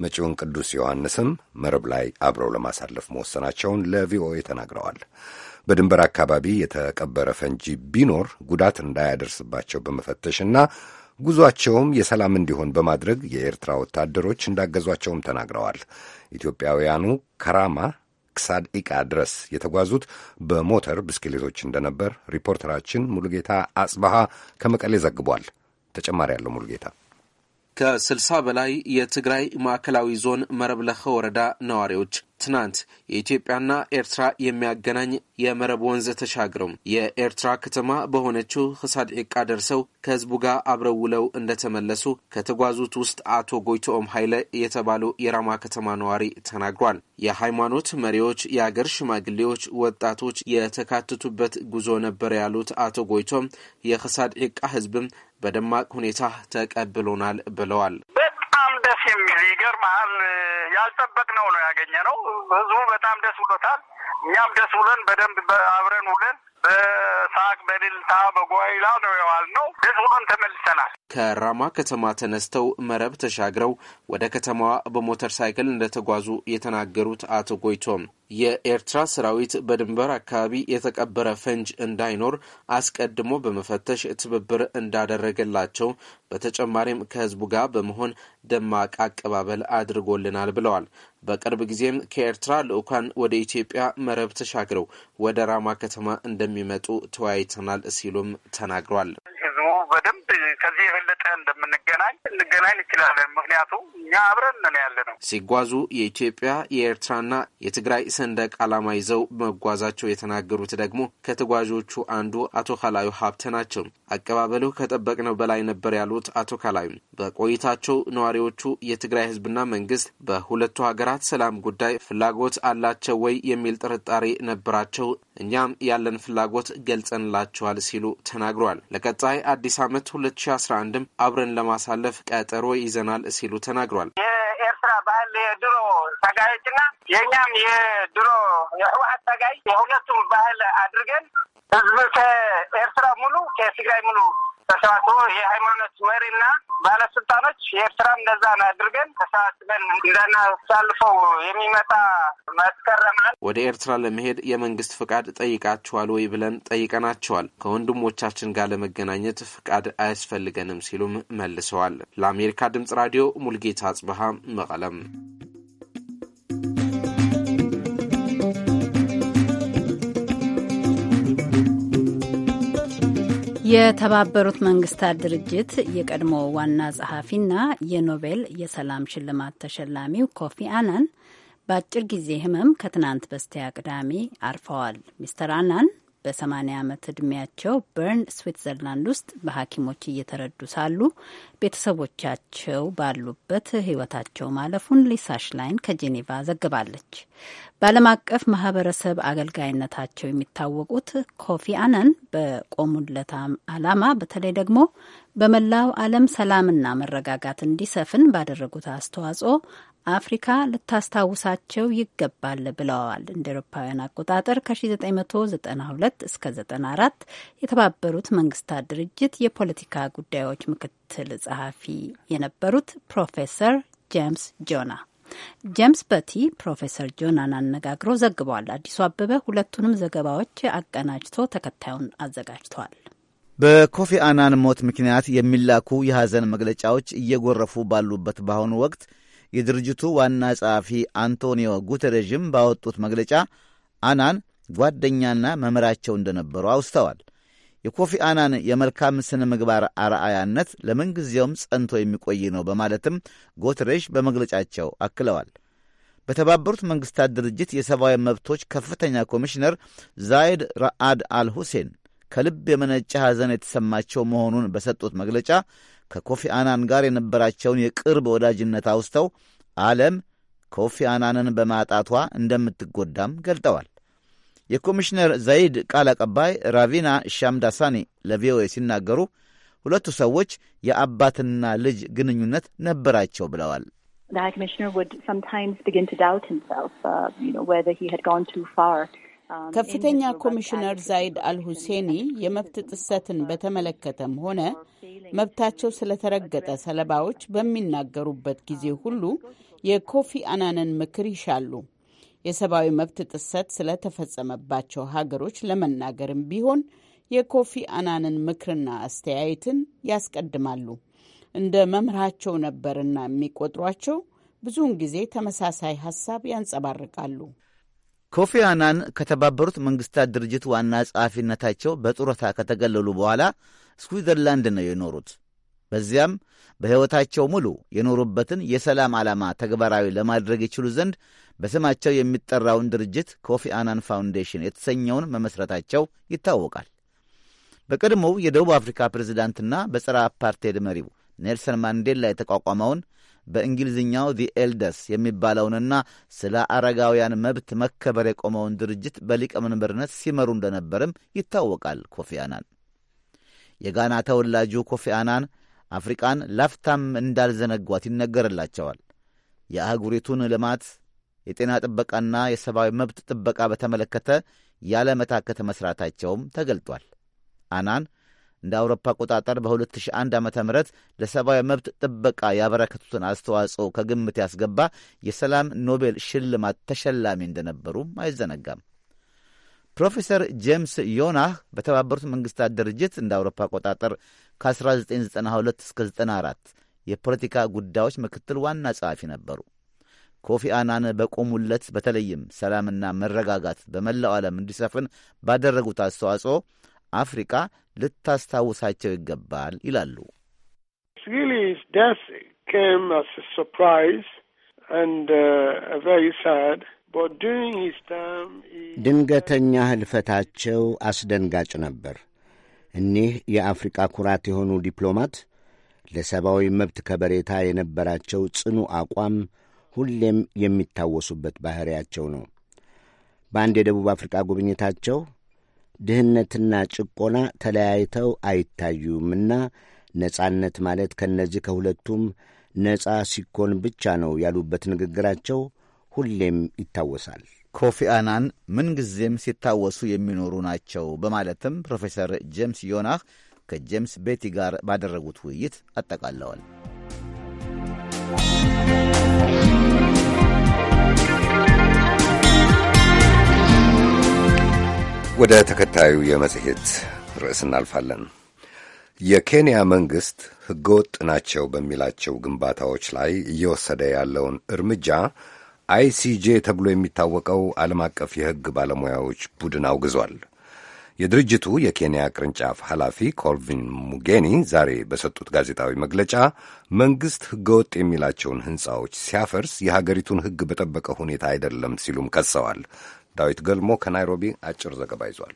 [SPEAKER 2] መጪውን ቅዱስ ዮሐንስም መረብ ላይ አብረው ለማሳለፍ መወሰናቸውን ለቪኦኤ ተናግረዋል። በድንበር አካባቢ የተቀበረ ፈንጂ ቢኖር ጉዳት እንዳያደርስባቸው በመፈተሽና ጉዟቸውም የሰላም እንዲሆን በማድረግ የኤርትራ ወታደሮች እንዳገዟቸውም ተናግረዋል። ኢትዮጵያውያኑ ከራማ ኢቃ ድረስ የተጓዙት በሞተር ብስክሌቶች እንደነበር ሪፖርተራችን ሙሉጌታ አጽበሃ ከመቀሌ ዘግቧል። ተጨማሪ ያለው ሙሉጌታ
[SPEAKER 11] ከ60 በላይ የትግራይ ማዕከላዊ ዞን መረብለኸ ወረዳ ነዋሪዎች ትናንት የኢትዮጵያና ኤርትራ የሚያገናኝ የመረብ ወንዝ ተሻግረው የኤርትራ ከተማ በሆነችው ዕቃ ደርሰው ከህዝቡ ጋር አብረው ውለው እንደተመለሱ ከተጓዙት ውስጥ አቶ ጎይቶኦም ኃይለ የተባሉ የራማ ከተማ ነዋሪ ተናግሯል። የሃይማኖት መሪዎች፣ የአገር ሽማግሌዎች፣ ወጣቶች የተካተቱበት ጉዞ ነበር ያሉት አቶ ጎይቶም ዕቃ ህዝብም በደማቅ ሁኔታ ተቀብሎናል ብለዋል።
[SPEAKER 12] ደስ የሚል ይገርምሃል፣ ያልጠበቅነው ነው ያገኘነው። ህዝቡ በጣም ደስ ብሎታል። እኛም ደስ ብሎን በደንብ አብረን ውለን በሳቅ በድልታ
[SPEAKER 11] በጓይላ ነው የዋል ነው ደስማን ተመልሰናል። ከራማ ከተማ ተነስተው መረብ ተሻግረው ወደ ከተማዋ በሞተር ሳይክል እንደተጓዙ የተናገሩት አቶ ጎይቶም የኤርትራ ሰራዊት በድንበር አካባቢ የተቀበረ ፈንጅ እንዳይኖር አስቀድሞ በመፈተሽ ትብብር እንዳደረገላቸው በተጨማሪም ከህዝቡ ጋር በመሆን ደማቅ አቀባበል አድርጎልናል ብለዋል። በቅርብ ጊዜም ከኤርትራ ልዑካን ወደ ኢትዮጵያ መረብ ተሻግረው ወደ ራማ ከተማ እንደሚመጡ ተወያይተናል ሲሉም ተናግሯል።
[SPEAKER 8] ደግሞ በደንብ ከዚህ የበለጠ እንደምንገናኝ እንገናኝ እንችላለን። ምክንያቱም
[SPEAKER 13] እኛ አብረን ነን
[SPEAKER 11] ያለ ነው። ሲጓዙ የኢትዮጵያ የኤርትራና የትግራይ ሰንደቅ ዓላማ ይዘው መጓዛቸው የተናገሩት ደግሞ ከተጓዦቹ አንዱ አቶ ካላዩ ሀብተ ናቸው። አቀባበሉ ከጠበቅነው በላይ ነበር ያሉት አቶ ካላዩ በቆይታቸው ነዋሪዎቹ የትግራይ ህዝብና መንግስት በሁለቱ ሀገራት ሰላም ጉዳይ ፍላጎት አላቸው ወይ የሚል ጥርጣሬ ነበራቸው። እኛም ያለን ፍላጎት ገልጸንላቸዋል ሲሉ ተናግሯል። ለቀጣይ አዲስ ዓመት ሁለት ሺ አስራ አንድም አብረን ለማሳለፍ ቀጠሮ ይዘናል ሲሉ ተናግሯል። የኤርትራ ባህል የድሮ
[SPEAKER 8] ታጋዮችና የእኛም የድሮ የህወሀት ታጋይ የሁለቱም ባህል አድርገን ህዝብ ከኤርትራ ሙሉ ከትግራይ ሙሉ ተሰባስቦ የሃይማኖት መሪና ባለስልጣኖች የኤርትራ እንደዛ ነው አድርገን ተሰባስበን እንዳናሳልፈው የሚመጣ መስከረማል
[SPEAKER 11] ወደ ኤርትራ ለመሄድ የመንግስት ፍቃድ ጠይቃችኋል ወይ ብለን ጠይቀናቸዋል። ከወንድሞቻችን ጋር ለመገናኘት ፍቃድ አያስፈልገንም ሲሉም መልሰዋል። ለአሜሪካ ድምጽ ራዲዮ ሙልጌታ አጽበሃ መቀለም
[SPEAKER 1] የተባበሩት መንግስታት ድርጅት የቀድሞ ዋና ጸሐፊና የኖቤል የሰላም ሽልማት ተሸላሚው ኮፊ አናን በአጭር ጊዜ ህመም ከትናንት በስቲያ ቅዳሜ አርፈዋል። ሚስተር አናን በ80 ዓመት ዕድሜያቸው በርን ስዊትዘርላንድ ውስጥ በሐኪሞች እየተረዱ ሳሉ ቤተሰቦቻቸው ባሉበት ሕይወታቸው ማለፉን ሊሳ ሽላይን ከጄኔቫ ዘግባለች። በዓለም አቀፍ ማህበረሰብ አገልጋይነታቸው የሚታወቁት ኮፊ አነን በቆሙለት ዓላማ በተለይ ደግሞ በመላው ዓለም ሰላምና መረጋጋት እንዲሰፍን ባደረጉት አስተዋጽኦ አፍሪካ ልታስታውሳቸው ይገባል ብለዋል። እንደ ኤሮፓውያን አቆጣጠር ከ1992 እስከ 94 የተባበሩት መንግስታት ድርጅት የፖለቲካ ጉዳዮች ምክትል ጸሐፊ የነበሩት ፕሮፌሰር ጄምስ ጆና ጄምስ በቲ ፕሮፌሰር ጆናን አነጋግሮ ዘግቧል። አዲሱ አበበ ሁለቱንም ዘገባዎች አቀናጅቶ ተከታዩን አዘጋጅቷል።
[SPEAKER 13] በኮፊ አናን ሞት ምክንያት የሚላኩ የሐዘን መግለጫዎች እየጎረፉ ባሉበት በአሁኑ ወቅት የድርጅቱ ዋና ጸሐፊ አንቶኒዮ ጉተረዥም ባወጡት መግለጫ አናን ጓደኛና መምህራቸው እንደነበሩ አውስተዋል። የኮፊ አናን የመልካም ስነ ምግባር አርአያነት ለምንጊዜውም ጸንቶ የሚቆይ ነው በማለትም ጎትሬሽ በመግለጫቸው አክለዋል። በተባበሩት መንግሥታት ድርጅት የሰብአዊ መብቶች ከፍተኛ ኮሚሽነር ዛይድ ራአድ አል ሁሴን ከልብ የመነጨ ሐዘን የተሰማቸው መሆኑን በሰጡት መግለጫ ከኮፊ አናን ጋር የነበራቸውን የቅርብ ወዳጅነት አውስተው ዓለም ኮፊ አናንን በማጣቷ እንደምትጎዳም ገልጠዋል። የኮሚሽነር ዘይድ ቃል አቀባይ ራቪና ሻምዳሳኒ ለቪኦኤ ሲናገሩ ሁለቱ ሰዎች የአባትና ልጅ ግንኙነት ነበራቸው ብለዋል።
[SPEAKER 1] the high commissioner would sometimes begin to doubt himself, uh, you know,
[SPEAKER 14] Um, ከፍተኛ
[SPEAKER 4] ኮሚሽነር ዛይድ አልሁሴኒ የመብት ጥሰትን በተመለከተም ሆነ መብታቸው ስለተረገጠ ሰለባዎች በሚናገሩበት ጊዜ um, ሁሉ የኮፊ አናንን ምክር ይሻሉ። የሰብአዊ መብት ጥሰት ስለተፈጸመባቸው ሀገሮች ለመናገርም ቢሆን የኮፊ አናንን ምክርና አስተያየትን ያስቀድማሉ። እንደ መምህራቸው ነበርና የሚቆጥሯቸው ብዙውን ጊዜ ተመሳሳይ ሀሳብ ያንጸባርቃሉ።
[SPEAKER 13] ኮፊ አናን ከተባበሩት መንግስታት ድርጅት ዋና ጸሐፊነታቸው በጡረታ ከተገለሉ በኋላ ስዊዘርላንድ ነው የኖሩት። በዚያም በሕይወታቸው ሙሉ የኖሩበትን የሰላም ዓላማ ተግባራዊ ለማድረግ ይችሉ ዘንድ በስማቸው የሚጠራውን ድርጅት ኮፊ አናን ፋውንዴሽን የተሰኘውን መመስረታቸው ይታወቃል። በቀድሞው የደቡብ አፍሪካ ፕሬዝዳንትና በጸረ አፓርቴድ መሪው ኔልሰን ማንዴላ የተቋቋመውን በእንግሊዝኛው ዲ ኤልደስ የሚባለውንና ስለ አረጋውያን መብት መከበር የቆመውን ድርጅት በሊቀ ሲመሩ እንደነበርም ይታወቃል። ኮፊ አናን የጋና ተወላጁ ኮፊ አናን አፍሪቃን ላፍታም እንዳልዘነጓት ይነገርላቸዋል። የአህጉሪቱን ልማት፣ የጤና ጥበቃና የሰብአዊ መብት ጥበቃ በተመለከተ ያለ መታከት መሥራታቸውም ተገልጧል። አናን እንደ አውሮፓ አቆጣጠር በ2001 ዓ ም ለሰብአዊ መብት ጥበቃ ያበረከቱትን አስተዋጽኦ ከግምት ያስገባ የሰላም ኖቤል ሽልማት ተሸላሚ እንደነበሩም አይዘነጋም። ፕሮፌሰር ጄምስ ዮናህ በተባበሩት መንግሥታት ድርጅት እንደ አውሮፓ አቆጣጠር ከ1992 እስከ 94 የፖለቲካ ጉዳዮች ምክትል ዋና ጸሐፊ ነበሩ። ኮፊ አናን በቆሙለት በተለይም ሰላምና መረጋጋት በመላው ዓለም እንዲሰፍን ባደረጉት አስተዋጽኦ አፍሪቃ ልታስታውሳቸው ይገባል ይላሉ።
[SPEAKER 15] uh,
[SPEAKER 16] ድንገተኛ ህልፈታቸው አስደንጋጭ ነበር። እኒህ የአፍሪቃ ኩራት የሆኑ ዲፕሎማት ለሰብአዊ መብት ከበሬታ የነበራቸው ጽኑ አቋም ሁሌም የሚታወሱበት ባሕሪያቸው ነው። በአንድ የደቡብ አፍሪቃ ጉብኝታቸው ድህነትና ጭቆና ተለያይተው አይታዩምና ነጻነት ማለት ከእነዚህ ከሁለቱም ነጻ ሲኮን ብቻ ነው ያሉበት ንግግራቸው ሁሌም ይታወሳል። ኮፊ አናን
[SPEAKER 13] ምንጊዜም ሲታወሱ የሚኖሩ ናቸው በማለትም ፕሮፌሰር ጄምስ ዮናህ ከጄምስ ቤቲ ጋር ባደረጉት ውይይት አጠቃለዋል።
[SPEAKER 2] ወደ ተከታዩ የመጽሔት ርዕስ እናልፋለን። የኬንያ መንግሥት ሕገወጥ ናቸው በሚላቸው ግንባታዎች ላይ እየወሰደ ያለውን እርምጃ አይሲጄ ተብሎ የሚታወቀው ዓለም አቀፍ የሕግ ባለሙያዎች ቡድን አውግዟል። የድርጅቱ የኬንያ ቅርንጫፍ ኃላፊ ኮልቪን ሙጌኒ ዛሬ በሰጡት ጋዜጣዊ መግለጫ መንግሥት ሕገወጥ የሚላቸውን ሕንፃዎች ሲያፈርስ የሀገሪቱን ሕግ በጠበቀ ሁኔታ አይደለም ሲሉም ከሰዋል። ዳዊት ገልሞ ከናይሮቢ አጭር ዘገባ ይዟል።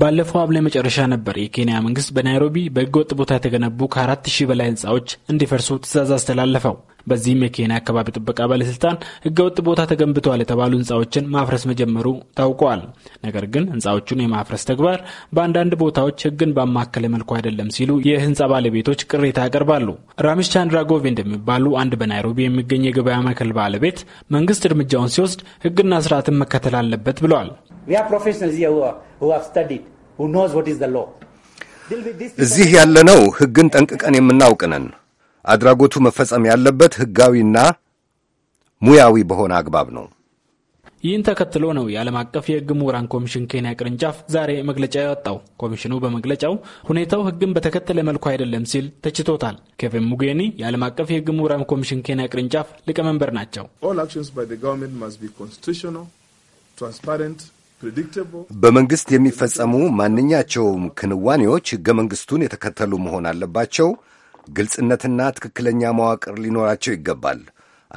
[SPEAKER 17] ባለፈው ሐምሌ መጨረሻ ነበር የኬንያ መንግስት በናይሮቢ በህገወጥ ቦታ የተገነቡ ከአራት ሺህ በላይ ህንፃዎች እንዲፈርሱ ትእዛዝ አስተላለፈው። በዚህም የኬንያ አካባቢ ጥበቃ ባለስልጣን ህገወጥ ቦታ ተገንብተዋል የተባሉ ህንፃዎችን ማፍረስ መጀመሩ ታውቋል። ነገር ግን ህንፃዎቹን የማፍረስ ተግባር በአንዳንድ ቦታዎች ህግን ባማከለ መልኩ አይደለም ሲሉ የህንፃ ባለቤቶች ቅሬታ ያቀርባሉ። ራሚሽ ቻንድራጎቬ እንደሚባሉ አንድ በናይሮቢ የሚገኝ የገበያ ማዕከል ባለቤት መንግስት እርምጃውን ሲወስድ ህግና ስርዓትን መከተል አለበት
[SPEAKER 2] ብለዋል። እዚህ ያለነው ህግን ጠንቅቀን የምናውቅ ነን። አድራጎቱ መፈጸም ያለበት ህጋዊና ሙያዊ በሆነ አግባብ ነው።
[SPEAKER 17] ይህን ተከትሎ ነው የዓለም አቀፍ የሕግ ምሁራን ኮሚሽን ኬንያ ቅርንጫፍ ዛሬ መግለጫ ያወጣው። ኮሚሽኑ በመግለጫው ሁኔታው ህግን በተከተለ መልኩ አይደለም ሲል ተችቶታል። ኬቨን ሙጌኒ የዓለም አቀፍ የሕግ ምሁራን ኮሚሽን ኬንያ ቅርንጫፍ ሊቀመንበር ናቸው።
[SPEAKER 2] በመንግስት የሚፈጸሙ ማንኛቸውም ክንዋኔዎች ሕገ መንግስቱን የተከተሉ መሆን አለባቸው፣ ግልጽነትና ትክክለኛ መዋቅር ሊኖራቸው ይገባል።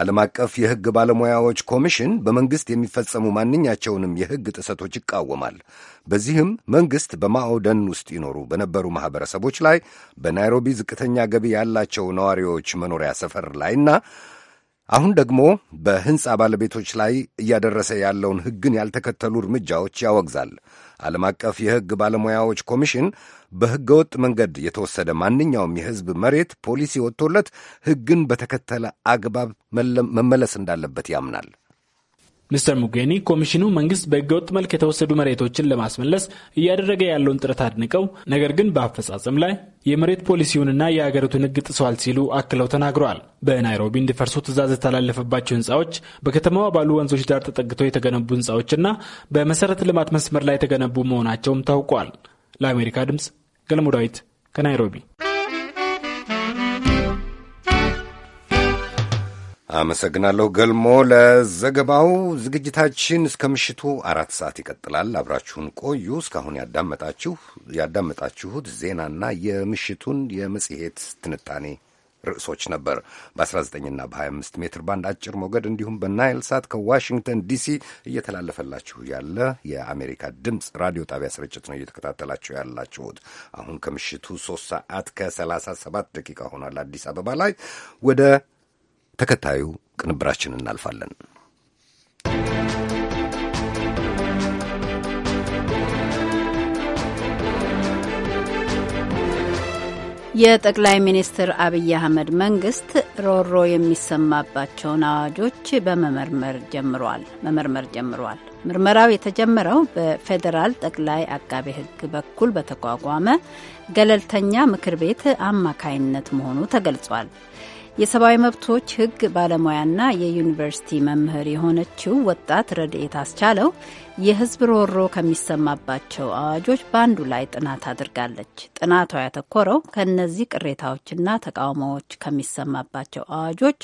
[SPEAKER 2] ዓለም አቀፍ የሕግ ባለሙያዎች ኮሚሽን በመንግሥት የሚፈጸሙ ማንኛቸውንም የሕግ ጥሰቶች ይቃወማል። በዚህም መንግሥት በማኦ ውስጥ ይኖሩ በነበሩ ማኅበረሰቦች ላይ በናይሮቢ ዝቅተኛ ገቢ ያላቸው ነዋሪዎች መኖሪያ ሰፈር ላይና አሁን ደግሞ በሕንፃ ባለቤቶች ላይ እያደረሰ ያለውን ሕግን ያልተከተሉ እርምጃዎች ያወግዛል። ዓለም አቀፍ የሕግ ባለሙያዎች ኮሚሽን ወጥ መንገድ የተወሰደ ማንኛውም የሕዝብ መሬት ፖሊሲ ወጥቶለት ሕግን በተከተለ አግባብ መመለስ እንዳለበት ያምናል።
[SPEAKER 17] ሚስተር ሙጌኒ ኮሚሽኑ መንግስት በህገወጥ መልክ የተወሰዱ መሬቶችን ለማስመለስ እያደረገ ያለውን ጥረት አድንቀው ነገር ግን በአፈጻጸም ላይ የመሬት ፖሊሲውንና የአገሪቱን ህግ ጥሰዋል ሲሉ አክለው ተናግረዋል። በናይሮቢ እንዲፈርሱ ትእዛዝ የተላለፈባቸው ህንፃዎች፣ በከተማዋ ባሉ ወንዞች ዳር ተጠግተው የተገነቡ ህንፃዎችና በመሰረተ ልማት መስመር ላይ የተገነቡ መሆናቸውም ታውቋል። ለአሜሪካ ድምፅ ገልሞ
[SPEAKER 2] ከናይሮቢ አመሰግናለሁ ገልሞ ለዘገባው። ዝግጅታችን እስከ ምሽቱ አራት ሰዓት ይቀጥላል። አብራችሁን ቆዩ። እስካሁን ያዳመጣችሁ ያዳመጣችሁት ዜናና የምሽቱን የመጽሔት ትንታኔ ርዕሶች ነበር። በ19ና በ25 ሜትር ባንድ አጭር ሞገድ እንዲሁም በናይል ሳት ከዋሽንግተን ዲሲ እየተላለፈላችሁ ያለ የአሜሪካ ድምፅ ራዲዮ ጣቢያ ስርጭት ነው እየተከታተላችሁ ያላችሁት። አሁን ከምሽቱ 3 ሰዓት ከ37 ደቂቃ ሆኗል አዲስ አበባ ላይ ወደ ተከታዩ ቅንብራችን እናልፋለን።
[SPEAKER 1] የጠቅላይ ሚኒስትር አብይ አህመድ መንግስት ሮሮ የሚሰማባቸውን አዋጆች በመመርመር ጀምሯል መመርመር ጀምሯል። ምርመራው የተጀመረው በፌዴራል ጠቅላይ አቃቤ ሕግ በኩል በተቋቋመ ገለልተኛ ምክር ቤት አማካይነት መሆኑ ተገልጿል። የሰብአዊ መብቶች ሕግ ባለሙያና የዩኒቨርሲቲ መምህር የሆነችው ወጣት ረድኤት አስቻለው የሕዝብ ሮሮ ከሚሰማባቸው አዋጆች በአንዱ ላይ ጥናት አድርጋለች። ጥናቷ ያተኮረው ከእነዚህ ቅሬታዎችና ተቃውሞዎች ከሚሰማባቸው አዋጆች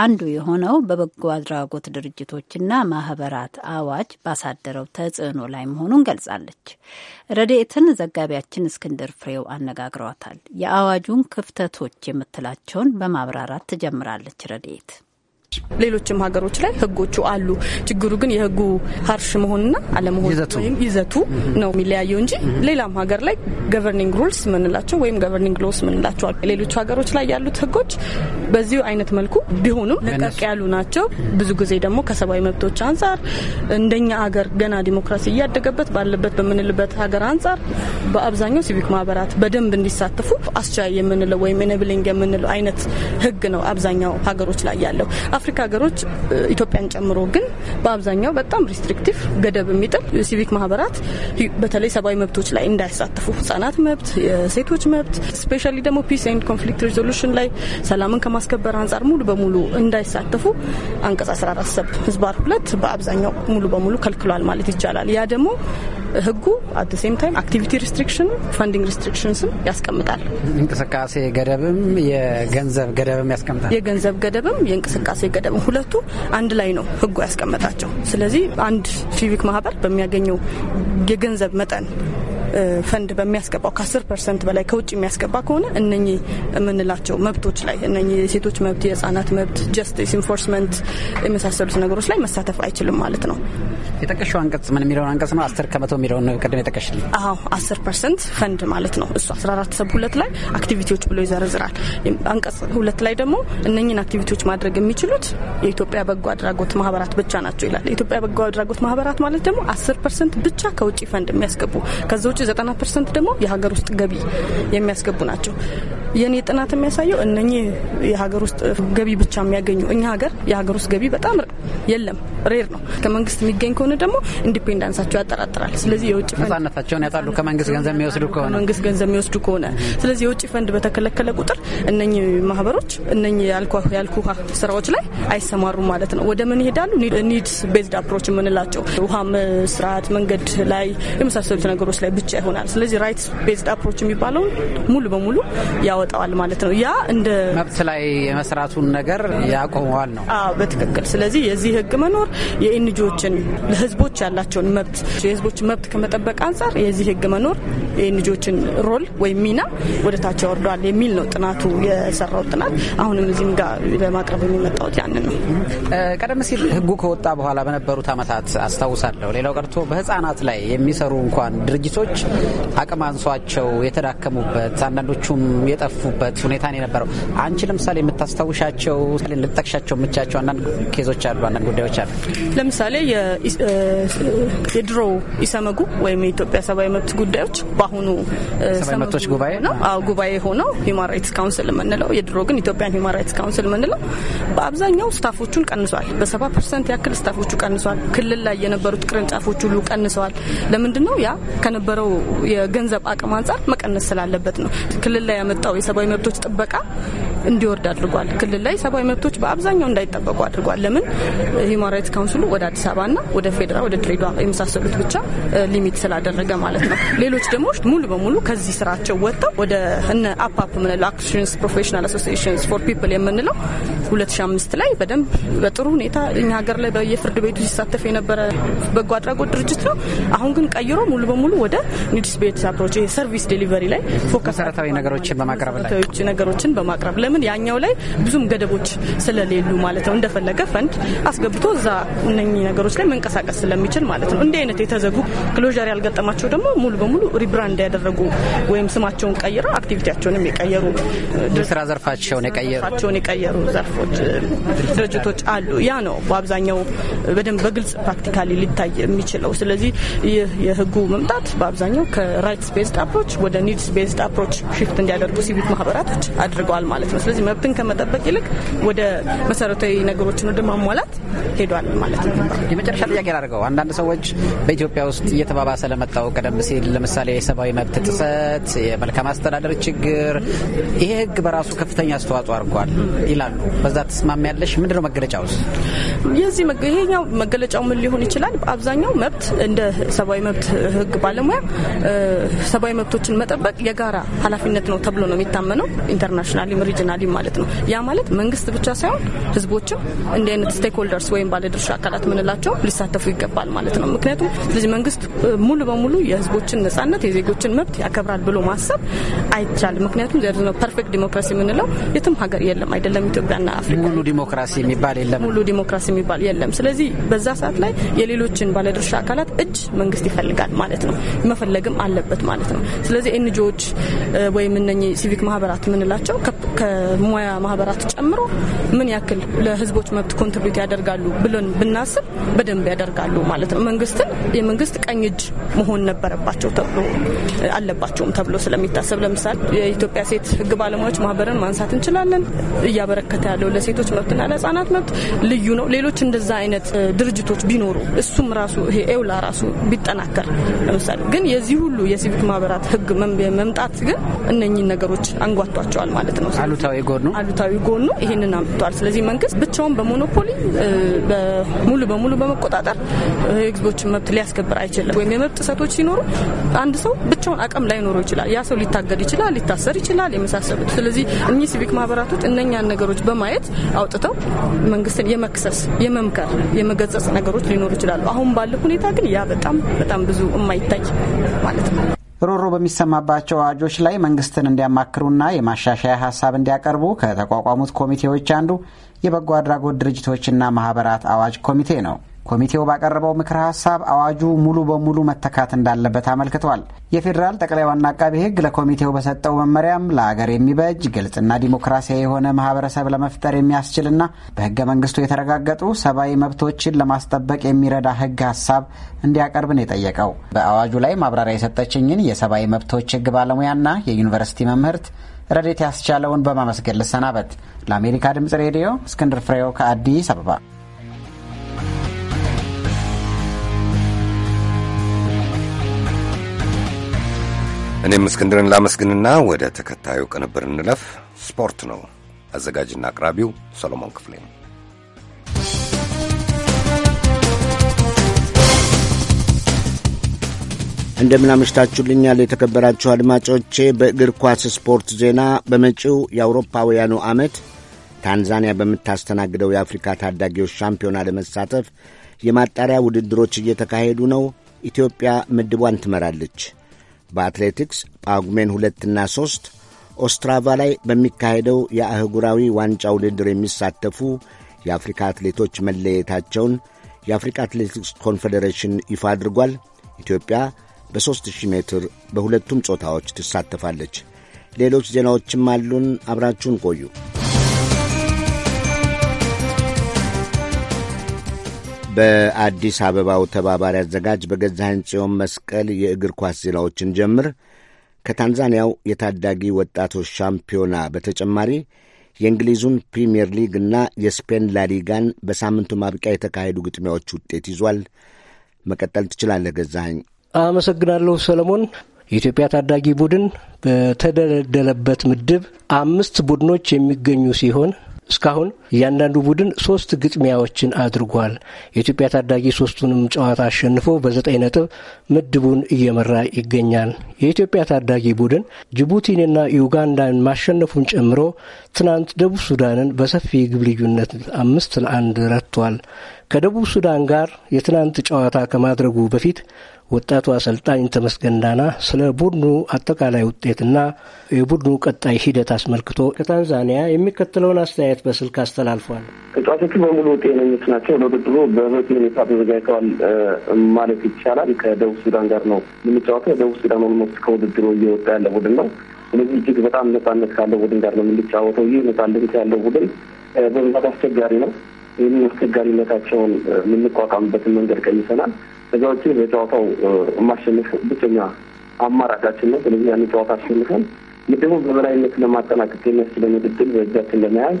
[SPEAKER 1] አንዱ የሆነው በበጎ አድራጎት ድርጅቶችና ማህበራት አዋጅ ባሳደረው ተጽዕኖ ላይ መሆኑን ገልጻለች። ረድኤትን ዘጋቢያችን እስክንድር ፍሬው
[SPEAKER 14] አነጋግሯታል።
[SPEAKER 1] የአዋጁን ክፍተቶች የምትላቸውን በማብራራት ትጀምራለች ረድኤት
[SPEAKER 14] ሌሎችም ሀገሮች ላይ ህጎቹ አሉ። ችግሩ ግን የህጉ ሀርሽ መሆንና አለመሆን ወይም ይዘቱ ነው የሚለያየው እንጂ ሌላም ሀገር ላይ ገቨርኒንግ ሩልስ ምንላቸው ወይም ገቨርኒንግ ሎስ ምንላቸው ሌሎቹ ሀገሮች ላይ ያሉት ህጎች በዚሁ አይነት መልኩ ቢሆኑም ለቀቅ ያሉ ናቸው። ብዙ ጊዜ ደግሞ ከሰብአዊ መብቶች አንጻር እንደኛ ሀገር ገና ዲሞክራሲ እያደገበት ባለበት በምንልበት ሀገር አንጻር በአብዛኛው ሲቪክ ማህበራት በደንብ እንዲሳተፉ አስቻይ የምንለው ወይም ኢነብሊንግ የምንለው አይነት ህግ ነው አብዛኛው ሀገሮች ላይ ያለው የአፍሪካ ሀገሮች ኢትዮጵያን ጨምሮ ግን በአብዛኛው በጣም ሪስትሪክቲቭ ገደብ የሚጥል ሲቪክ ማህበራት በተለይ ሰብአዊ መብቶች ላይ እንዳይሳተፉ ህጻናት መብት፣ የሴቶች መብት ስፔሻሊ ደግሞ ፒስ ኤንድ ኮንፍሊክት ሪዞሉሽን ላይ ሰላምን ከማስከበር አንጻር ሙሉ በሙሉ እንዳይሳተፉ አንቀጽ 14 ሰብ ህዝባር ሁለት በአብዛኛው ሙሉ በሙሉ ከልክሏል ማለት ይቻላል። ያ ደግሞ ህጉ አት ሴም ታይም አክቲቪቲ ሪስትሪክሽን ፋንዲንግ ሪስትሪክሽንስም ያስቀምጣል። እንቅስቃሴ ገደብም የገንዘብ ገደብም ያስቀምጣል። የገንዘብ ገደብም የእንቅስቃሴ ገደብም ሁለቱ አንድ ላይ ነው ህጉ ያስቀመጣቸው። ስለዚህ አንድ ሲቪክ ማህበር በሚያገኘው የገንዘብ መጠን ፈንድ በሚያስገባው ከ ከአስር ፐርሰንት በላይ ከውጭ የሚያስገባ ከሆነ እነኚህ የምንላቸው መብቶች ላይ እነኚህ የሴቶች መብት፣ የህጻናት መብት፣ ጀስቲስ ኢንፎርስመንት የመሳሰሉት ነገሮች ላይ መሳተፍ አይችልም ማለት ነው።
[SPEAKER 4] የጠቀሽው አንቀጽ ምን የሚለውን አንቀጽ ነው አስር ከመቶ የሚለውን ቅድም
[SPEAKER 14] የጠቀሽልኝ። አዎ አስር ፐርሰንት ፈንድ ማለት ነው እሱ አስራ አራት ሰብ ሁለት ላይ አክቲቪቲዎች ብሎ ይዘረዝራል። አንቀጽ ሁለት ላይ ደግሞ እነኝን አክቲቪቲዎች ማድረግ የሚችሉት የኢትዮጵያ በጎ አድራጎት ማህበራት ብቻ ናቸው ይላል። የኢትዮጵያ በጎ አድራጎት ማህበራት ማለት ደግሞ አስር ፐርሰንት ብቻ ከውጭ ፈንድ የሚያስገቡ ከዚ ውጭ ዘጠና ፐርሰንት ደግሞ የሀገር ውስጥ ገቢ የሚያስገቡ ናቸው። የእኔ ጥናት የሚያሳየው እነኚህ የሀገር ውስጥ ገቢ ብቻ የሚያገኙ እኛ ሀገር የሀገር ውስጥ ገቢ በጣም የለም ሬር ነው። ከመንግስት የሚገኝ ከሆነ ደግሞ ኢንዲፔንዳንሳቸው ያጠራጥራል። ስለዚህ የውጭ ነጻነታቸውን ያጣሉ ከመንግስት ገንዘብ የሚወስዱ ከሆነ መንግስት ገንዘብ የሚወስዱ ከሆነ ስለዚህ የውጭ ፈንድ በተከለከለ ቁጥር እነኚህ ማህበሮች እነኚህ ያልኩ ስራዎች ላይ አይሰማሩም ማለት ነው። ወደ ምን ይሄዳሉ? ኒድ ቤዝድ አፕሮች የምንላቸው ውሃም፣ ስርዓት፣ መንገድ ላይ የመሳሰሉት ነገሮች ላይ ብቻ ይሆናል። ስለዚህ ራይት ቤዝድ አፕሮች የሚባለውን ሙሉ በሙሉ ያወጣዋል ማለት ነው። ያ እንደ መብት ላይ የመስራቱን ነገር ያቆመዋል ነው። በትክክል ስለዚህ የዚህ ህግ መኖር የኤንጂዎችን ለህዝቦች ያላቸውን መብት የህዝቦች መብት መብት ከመጠበቅ አንጻር የዚህ ህግ መኖር የልጆችን ሮል ወይም ሚና ወደ ታች ያወርደዋል የሚል ነው ጥናቱ የሰራው ጥናት። አሁንም እዚህም ጋር ለማቅረብ የሚመጣውት ያን ነው።
[SPEAKER 4] ቀደም ሲል ህጉ ከወጣ በኋላ በነበሩት ዓመታት አስታውሳለሁ። ሌላው ቀርቶ በህጻናት ላይ የሚሰሩ እንኳን ድርጅቶች አቅም አንሷቸው የተዳከሙበት አንዳንዶቹም የጠፉበት ሁኔታ ነው የነበረው። አንቺ ለምሳሌ የምታስታውሻቸው ልጠቅሻቸው የምቻቸው አንዳንድ ኬዞች አሉ፣ አንዳንድ ጉዳዮች አሉ።
[SPEAKER 14] ለምሳሌ የድሮ ኢሰመ ኢሰመጉ ወይም የኢትዮጵያ ሰብአዊ መብት ጉዳዮች በአሁኑ መብቶች ጉባኤ ነው ጉባኤ ሆነው ሂውማን ራይትስ ካውንስል የምንለው የድሮ ግን ኢትዮጵያን ሂውማን ራይትስ ካውንስል የምንለው በአብዛኛው ስታፎቹን ቀንሷል። በሰባ ፐርሰንት ያክል ስታፎቹ ቀንሷል። ክልል ላይ የነበሩት ቅርንጫፎች ሁሉ ቀንሰዋል። ለምንድን ነው ያ ከነበረው የገንዘብ አቅም አንጻር መቀነስ ስላለበት ነው። ክልል ላይ ያመጣው የሰብአዊ መብቶች ጥበቃ እንዲወርድ አድርጓል። ክልል ላይ ሰብአዊ መብቶች በአብዛኛው እንዳይጠበቁ አድርጓል። ለምን ሂውማን ራይትስ ካውንስሉ ወደ አዲስ አበባና ወደ ፌዴራል ወደ ድሬዳዋ የመሳሰሉት ብቻ ሊሚት ስላደረገ ማለት ነው። ሌሎች ደግሞ ሙሉ በሙሉ ከዚህ ስራቸው ወጥተው ወደ እነ አፓፕ የምንለው አክሽንስ ፕሮፌሽናል አሶሲሽንስ ፎር ፒፕል የምንለው 2005 ላይ በደንብ በጥሩ ሁኔታ እኛ ሀገር ላይ በየፍርድ ቤቱ ሲሳተፍ የነበረ በጎ አድራጎት ድርጅት ነው። አሁን ግን ቀይሮ ሙሉ በሙሉ ወደ ኒድስ ቤት አፕሮች ሰርቪስ ዴሊቨሪ ላይ መሰረታዊ ነገሮችን በማቅረብ ላይ ነገሮችን በማቅረብ ለምን ያኛው ላይ ብዙም ገደቦች ስለሌሉ ማለት ነው። እንደፈለገ ፈንድ አስገብቶ እዛ እነኚህ ነገሮች ላይ መንቀሳቀስ ስለሚችል ማለት ነው። እንዲህ አይነት የተዘጉ ክሎዠር ያልገጠማቸው ደግሞ ሙሉ በሙሉ ሪብራንድ ያደረጉ ወይም ስማቸውን ቀይረው አክቲቪቲያቸውንም የቀየሩ ስራ ዘርፋቸውን የቀየሩ ዘርፎች ድርጅቶች አሉ። ያ ነው በአብዛኛው በደንብ በግልጽ ፕራክቲካሊ ሊታይ የሚችለው። ስለዚህ ይህ የህጉ መምጣት በአብዛኛው ከራይትስ ቤዝድ አፕሮች ወደ ኒድስ ቤዝድ አፕሮች ሽፍት እንዲያደርጉ ሲቪክ ማህበራቶች አድርገዋል ማለት ነው። ስለዚህ መብትን ከመጠበቅ ይልቅ ወደ መሰረታዊ ነገሮችን ወደ ማሟላት ሄዷል ማለት ነው። የመጨረሻ ጥያቄ ላድርገው። አንዳንድ ሰዎች
[SPEAKER 4] በኢትዮጵያ ውስጥ እየተባባሰ ለመጣው ቀደም ሲል ለምሳሌ የሰብአዊ መብት ጥሰት፣ የመልካም አስተዳደር ችግር ይሄ ህግ በራሱ ከፍተኛ አስተዋጽኦ አድርጓል ይላሉ። በዛ ተስማሚ ያለሽ ምንድን ነው መገለጫው?
[SPEAKER 14] የዚህ ይሄኛው መገለጫው ምን ሊሆን ይችላል? አብዛኛው መብት እንደ ሰብአዊ መብት ህግ ባለሙያ ሰብአዊ መብቶችን መጠበቅ የጋራ ኃላፊነት ነው ተብሎ ነው የሚታመነው ኢንተርናሽናሊም ሪጅናሊም ማለት ነው። ያ ማለት መንግስት ብቻ ሳይሆን ህዝቦችም እንዲህ አይነት ስቴክሆልደርስ ወይም ባለድርሻ አካላት ምንላቸው ሊሳተፉ ይገባል ማለት ነው። ምክንያቱም ስለዚህ መንግስት ሙሉ በሙሉ የህዝቦችን ነጻነት የዜጎችን መብት ያከብራል ብሎ ማሰብ አይቻልም። ምክንያቱም ነው ፐርፌክት ዲሞክራሲ የምንለው የትም ሀገር የለም አይደለም፣ ኢትዮጵያና አፍሪካ ሙሉ ዲሞክራሲ የሚባል የለም፣ ሙሉ ዲሞክራሲ የሚባል የለም። ስለዚህ በዛ ሰዓት ላይ የሌሎችን ባለድርሻ አካላት እጅ መንግስት ይፈልጋል ማለት ነው፣ መፈለግም አለበት ማለት ነው። ስለዚህ ኤንጂኦዎች ወይም እነኚህ ሲቪክ ማህበራት የምንላቸው ከሙያ ማህበራት ጨምሮ ምን ያክል ለህዝቦች መብት ኮንትሪቢዩት ያደርጋሉ ብለን ብናስብ በደንብ ያደርጋሉ ማለት ነው። መንግስትን የመንግስት ቀኝ እጅ መሆን ነበረባቸው ተብሎ አለባቸውም ተብሎ ስለሚታሰብ ለምሳሌ የኢትዮጵያ ሴት ህግ ባለሙያዎች ማህበርን ማንሳት እንችላለን። እያበረከተ ያለው ለሴቶች መብትና ለህጻናት መብት ልዩ ነው። ሌሎች እንደዛ አይነት ድርጅቶች ቢኖሩ እሱም ራሱ ይሄ ኤውላ ራሱ ቢጠናከር ለምሳሌ ግን የዚህ ሁሉ የሲቪክ ማህበራት ህግ መምጣት ግን እነኚህን ነገሮች አንጓቷቸዋል ማለት ነው። አሉታዊ ጎኑ አሉታዊ ጎኑ ይህንን አምጥቷል። ስለዚህ መንግስት ብቻውን በሞኖፖሊ ሙሉ በሙሉ በመቆጣጠር የህዝቦችን መብት ሊያስከብር አይችልም። አይችልም። ወይም የመብት ጥሰቶች ሲኖሩ አንድ ሰው ብቻውን አቅም ላይኖረው ይችላል። ያ ሰው ሊታገድ ይችላል፣ ሊታሰር ይችላል፣ የመሳሰሉት። ስለዚህ እኚህ ሲቪክ ማህበራቶች እነኛን ነገሮች በማየት አውጥተው መንግስትን የመክሰስ የመምከር፣ የመገጸጽ ነገሮች ሊኖሩ ይችላሉ። አሁን ባለ ሁኔታ ግን ያ በጣም በጣም ብዙ የማይታይ ማለት ነው።
[SPEAKER 4] ሮሮ በሚሰማባቸው አዋጆች ላይ መንግስትን እንዲያማክሩና የማሻሻያ ሀሳብ እንዲያቀርቡ ከተቋቋሙት ኮሚቴዎች አንዱ የበጎ አድራጎት ድርጅቶችና ማህበራት አዋጅ ኮሚቴ ነው። ኮሚቴው ባቀረበው ምክረ ሀሳብ አዋጁ ሙሉ በሙሉ መተካት እንዳለበት አመልክቷል። የፌዴራል ጠቅላይ ዋና አቃቤ ሕግ ለኮሚቴው በሰጠው መመሪያም ለአገር የሚበጅ ግልጽና ዲሞክራሲያዊ የሆነ ማህበረሰብ ለመፍጠር የሚያስችልና በህገ መንግስቱ የተረጋገጡ ሰብአዊ መብቶችን ለማስጠበቅ የሚረዳ ህግ ሀሳብ እንዲያቀርብ ነው የጠየቀው። በአዋጁ ላይ ማብራሪያ የሰጠችኝን የሰብአዊ መብቶች ህግ ባለሙያና የዩኒቨርሲቲ መምህርት ረዴት ያስቻለውን በማመስገን ልሰናበት። ለአሜሪካ ድምጽ ሬዲዮ እስክንድር ፍሬው ከአዲስ አበባ
[SPEAKER 2] እኔም እስክንድርን ላመስግንና ወደ ተከታዩ ቅንብር እንለፍ። ስፖርት ነው። አዘጋጅና አቅራቢው ሰሎሞን ክፍሌ።
[SPEAKER 16] እንደምናመሽታችሁልኛል የተከበራችሁ አድማጮቼ። በእግር ኳስ ስፖርት ዜና በመጪው የአውሮፓውያኑ ዓመት ታንዛኒያ በምታስተናግደው የአፍሪካ ታዳጊዎች ሻምፒዮና ለመሳተፍ የማጣሪያ ውድድሮች እየተካሄዱ ነው። ኢትዮጵያ ምድቧን ትመራለች። በአትሌቲክስ ጳጉሜን ሁለትና ሦስት ኦስትራቫ ላይ በሚካሄደው የአህጉራዊ ዋንጫ ውድድር የሚሳተፉ የአፍሪካ አትሌቶች መለየታቸውን የአፍሪካ አትሌቲክስ ኮንፌዴሬሽን ይፋ አድርጓል። ኢትዮጵያ በ3000 ሜትር በሁለቱም ጾታዎች ትሳተፋለች። ሌሎች ዜናዎችም አሉን። አብራችሁን ቆዩ። በአዲስ አበባው ተባባሪ አዘጋጅ በገዛኸኝ ጽዮን መስቀል የእግር ኳስ ዜናዎችን ጀምር። ከታንዛኒያው የታዳጊ ወጣቶች ሻምፒዮና በተጨማሪ የእንግሊዙን ፕሪምየር ሊግ እና የስፔን ላሊጋን በሳምንቱ ማብቂያ የተካሄዱ ግጥሚያዎች ውጤት ይዟል። መቀጠል ትችላለህ ገዛኸኝ።
[SPEAKER 15] አመሰግናለሁ ሰለሞን። የኢትዮጵያ ታዳጊ ቡድን በተደለደለበት ምድብ አምስት ቡድኖች የሚገኙ ሲሆን እስካሁን እያንዳንዱ ቡድን ሶስት ግጥሚያዎችን አድርጓል። የኢትዮጵያ ታዳጊ ሶስቱንም ጨዋታ አሸንፎ በዘጠኝ ነጥብ ምድቡን እየመራ ይገኛል። የኢትዮጵያ ታዳጊ ቡድን ጅቡቲንና ዩጋንዳን ማሸነፉን ጨምሮ ትናንት ደቡብ ሱዳንን በሰፊ ግብ ልዩነት አምስት ለአንድ ረቷል። ከደቡብ ሱዳን ጋር የትናንት ጨዋታ ከማድረጉ በፊት ወጣቱ አሰልጣኝ ተመስገን ዳና ስለ ቡድኑ አጠቃላይ ውጤትና የቡድኑ ቀጣይ ሂደት አስመልክቶ ከታንዛኒያ የሚከተለውን አስተያየት በስልክ አስተላልፏል።
[SPEAKER 17] ተጫዋቾቹ በሙሉ ጤነኞች ናቸው። ለውድድሩ በበቂ ሁኔታ ተዘጋጅተዋል ማለት ይቻላል። ከደቡብ ሱዳን ጋር ነው የምንጫወተው። ደቡብ ሱዳን ኦልሞስት ከውድድሩ እየወጣ ያለ ቡድን ነው። ስለዚህ እጅግ በጣም ነፃነት ካለው ቡድን ጋር ነው የምንጫወተው። ይህ ነጻነት ያለው ቡድን በብዛት አስቸጋሪ ነው። ይህንን አስቸጋሪነታቸውን የምንቋቋምበትን መንገድ ቀይሰናል። ከዛ በጨዋታው የማሸንፍ ብቸኛ አማራጫችን ነው። ስለዚህ ያን ጨዋታ አሸንፈን ምድቡ በበላይነት ለማጠናቀቅ የሚያስችለን ውድድል በእጃችን ለመያዝ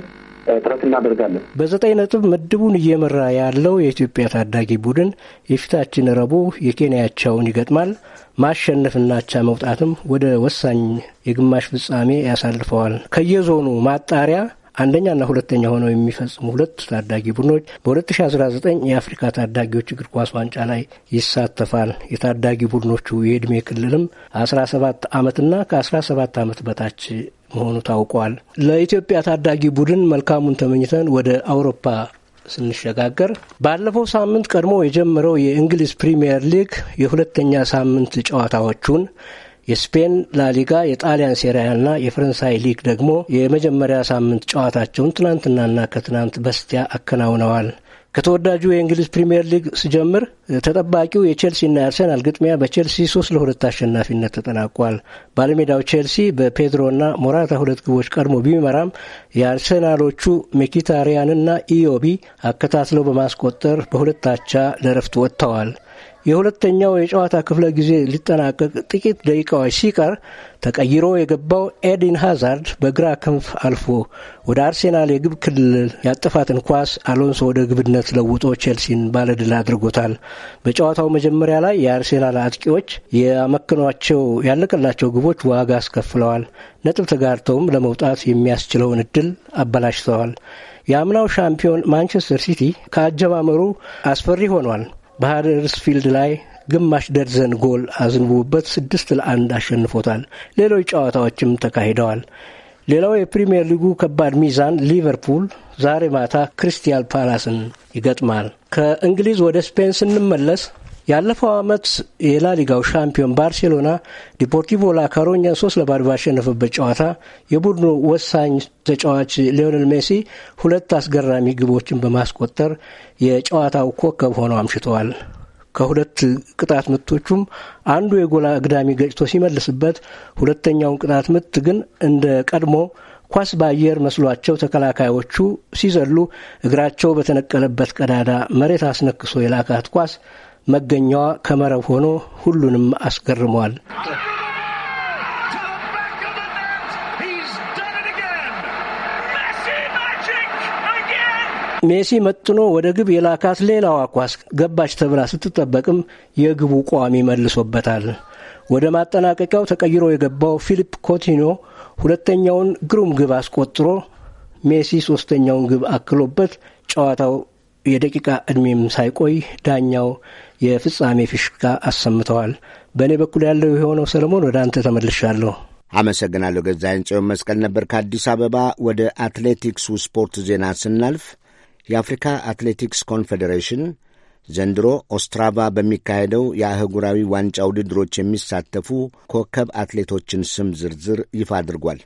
[SPEAKER 17] ጥረት እናደርጋለን።
[SPEAKER 15] በዘጠኝ ነጥብ ምድቡን እየመራ ያለው የኢትዮጵያ ታዳጊ ቡድን የፊታችን ረቡዕ የኬንያቻውን ይገጥማል። ማሸነፍና አቻ መውጣትም ወደ ወሳኝ የግማሽ ፍጻሜ ያሳልፈዋል። ከየዞኑ ማጣሪያ አንደኛና ሁለተኛ ሆነው የሚፈጽሙ ሁለት ታዳጊ ቡድኖች በ2019 የአፍሪካ ታዳጊዎች እግር ኳስ ዋንጫ ላይ ይሳተፋል። የታዳጊ ቡድኖቹ የዕድሜ ክልልም 17 ዓመትና ከ17 ዓመት በታች መሆኑ ታውቋል። ለኢትዮጵያ ታዳጊ ቡድን መልካሙን ተመኝተን ወደ አውሮፓ ስንሸጋገር ባለፈው ሳምንት ቀድሞ የጀመረው የእንግሊዝ ፕሪምየር ሊግ የሁለተኛ ሳምንት ጨዋታዎቹን የስፔን ላሊጋ፣ የጣሊያን ሴሪያና የፈረንሳይ ሊግ ደግሞ የመጀመሪያ ሳምንት ጨዋታቸውን ትናንትናና ከትናንት በስቲያ አከናውነዋል። ከተወዳጁ የእንግሊዝ ፕሪምየር ሊግ ስጀምር ተጠባቂው የቼልሲና የአርሰናል ግጥሚያ በቼልሲ ሶስት ለሁለት አሸናፊነት ተጠናቋል። ባለሜዳው ቼልሲ በፔድሮና ሞራታ ሁለት ግቦች ቀድሞ ቢመራም የአርሰናሎቹ ሚኪታሪያንና ኢዮቢ አከታትለው በማስቆጠር በሁለት አቻ ለረፍት ወጥተዋል። የሁለተኛው የጨዋታ ክፍለ ጊዜ ሊጠናቀቅ ጥቂት ደቂቃዎች ሲቀር ተቀይሮ የገባው ኤዲን ሃዛርድ በግራ ክንፍ አልፎ ወደ አርሴናል የግብ ክልል ያጠፋትን ኳስ አሎንሶ ወደ ግብነት ለውጦ ቼልሲን ባለድል አድርጎታል። በጨዋታው መጀመሪያ ላይ የአርሴናል አጥቂዎች የአመክኗቸው ያለቀላቸው ግቦች ዋጋ አስከፍለዋል። ነጥብ ተጋርተውም ለመውጣት የሚያስችለውን እድል አበላሽተዋል። የአምናው ሻምፒዮን ማንቸስተር ሲቲ ከአጀማመሩ አስፈሪ ሆኗል። በሃደርስፊልድ ላይ ግማሽ ደርዘን ጎል አዝንቦበት ስድስት ለአንድ አሸንፎታል። ሌሎች ጨዋታዎችም ተካሂደዋል። ሌላው የፕሪምየር ሊጉ ከባድ ሚዛን ሊቨርፑል ዛሬ ማታ ክሪስታል ፓላስን ይገጥማል። ከእንግሊዝ ወደ ስፔን ስንመለስ ያለፈው ዓመት የላሊጋው ሻምፒዮን ባርሴሎና ዲፖርቲቮ ላካሮኛን ሶስት ለባዶ ባሸነፈበት ጨዋታ የቡድኑ ወሳኝ ተጫዋች ሊዮኔል ሜሲ ሁለት አስገራሚ ግቦችን በማስቆጠር የጨዋታው ኮከብ ሆነው አምሽተዋል። ከሁለት ቅጣት ምቶቹም አንዱ የጎል አግዳሚ ገጭቶ ሲመልስበት፣ ሁለተኛውን ቅጣት ምት ግን እንደ ቀድሞ ኳስ በአየር መስሏቸው ተከላካዮቹ ሲዘሉ እግራቸው በተነቀለበት ቀዳዳ መሬት አስነክሶ የላካት ኳስ መገኛዋ ከመረብ ሆኖ ሁሉንም አስገርመዋል። ሜሲ መጥኖ ወደ ግብ የላካት ሌላዋ ኳስ ገባች ተብላ ስትጠበቅም የግቡ ቋሚ መልሶበታል። ወደ ማጠናቀቂያው ተቀይሮ የገባው ፊሊፕ ኮቲኖ ሁለተኛውን ግሩም ግብ አስቆጥሮ ሜሲ ሶስተኛውን ግብ አክሎበት ጨዋታው የደቂቃ ዕድሜም ሳይቆይ ዳኛው የፍጻሜ ፍሽካ
[SPEAKER 16] አሰምተዋል። በእኔ በኩል ያለው የሆነው ሰለሞን፣ ወደ አንተ ተመልሻለሁ። አመሰግናለሁ። ገዛይን ጽዮን መስቀል ነበር ከአዲስ አበባ። ወደ አትሌቲክሱ ስፖርት ዜና ስናልፍ የአፍሪካ አትሌቲክስ ኮንፌዴሬሽን ዘንድሮ ኦስትራቫ በሚካሄደው የአህጉራዊ ዋንጫ ውድድሮች የሚሳተፉ ኮከብ አትሌቶችን ስም ዝርዝር ይፋ አድርጓል።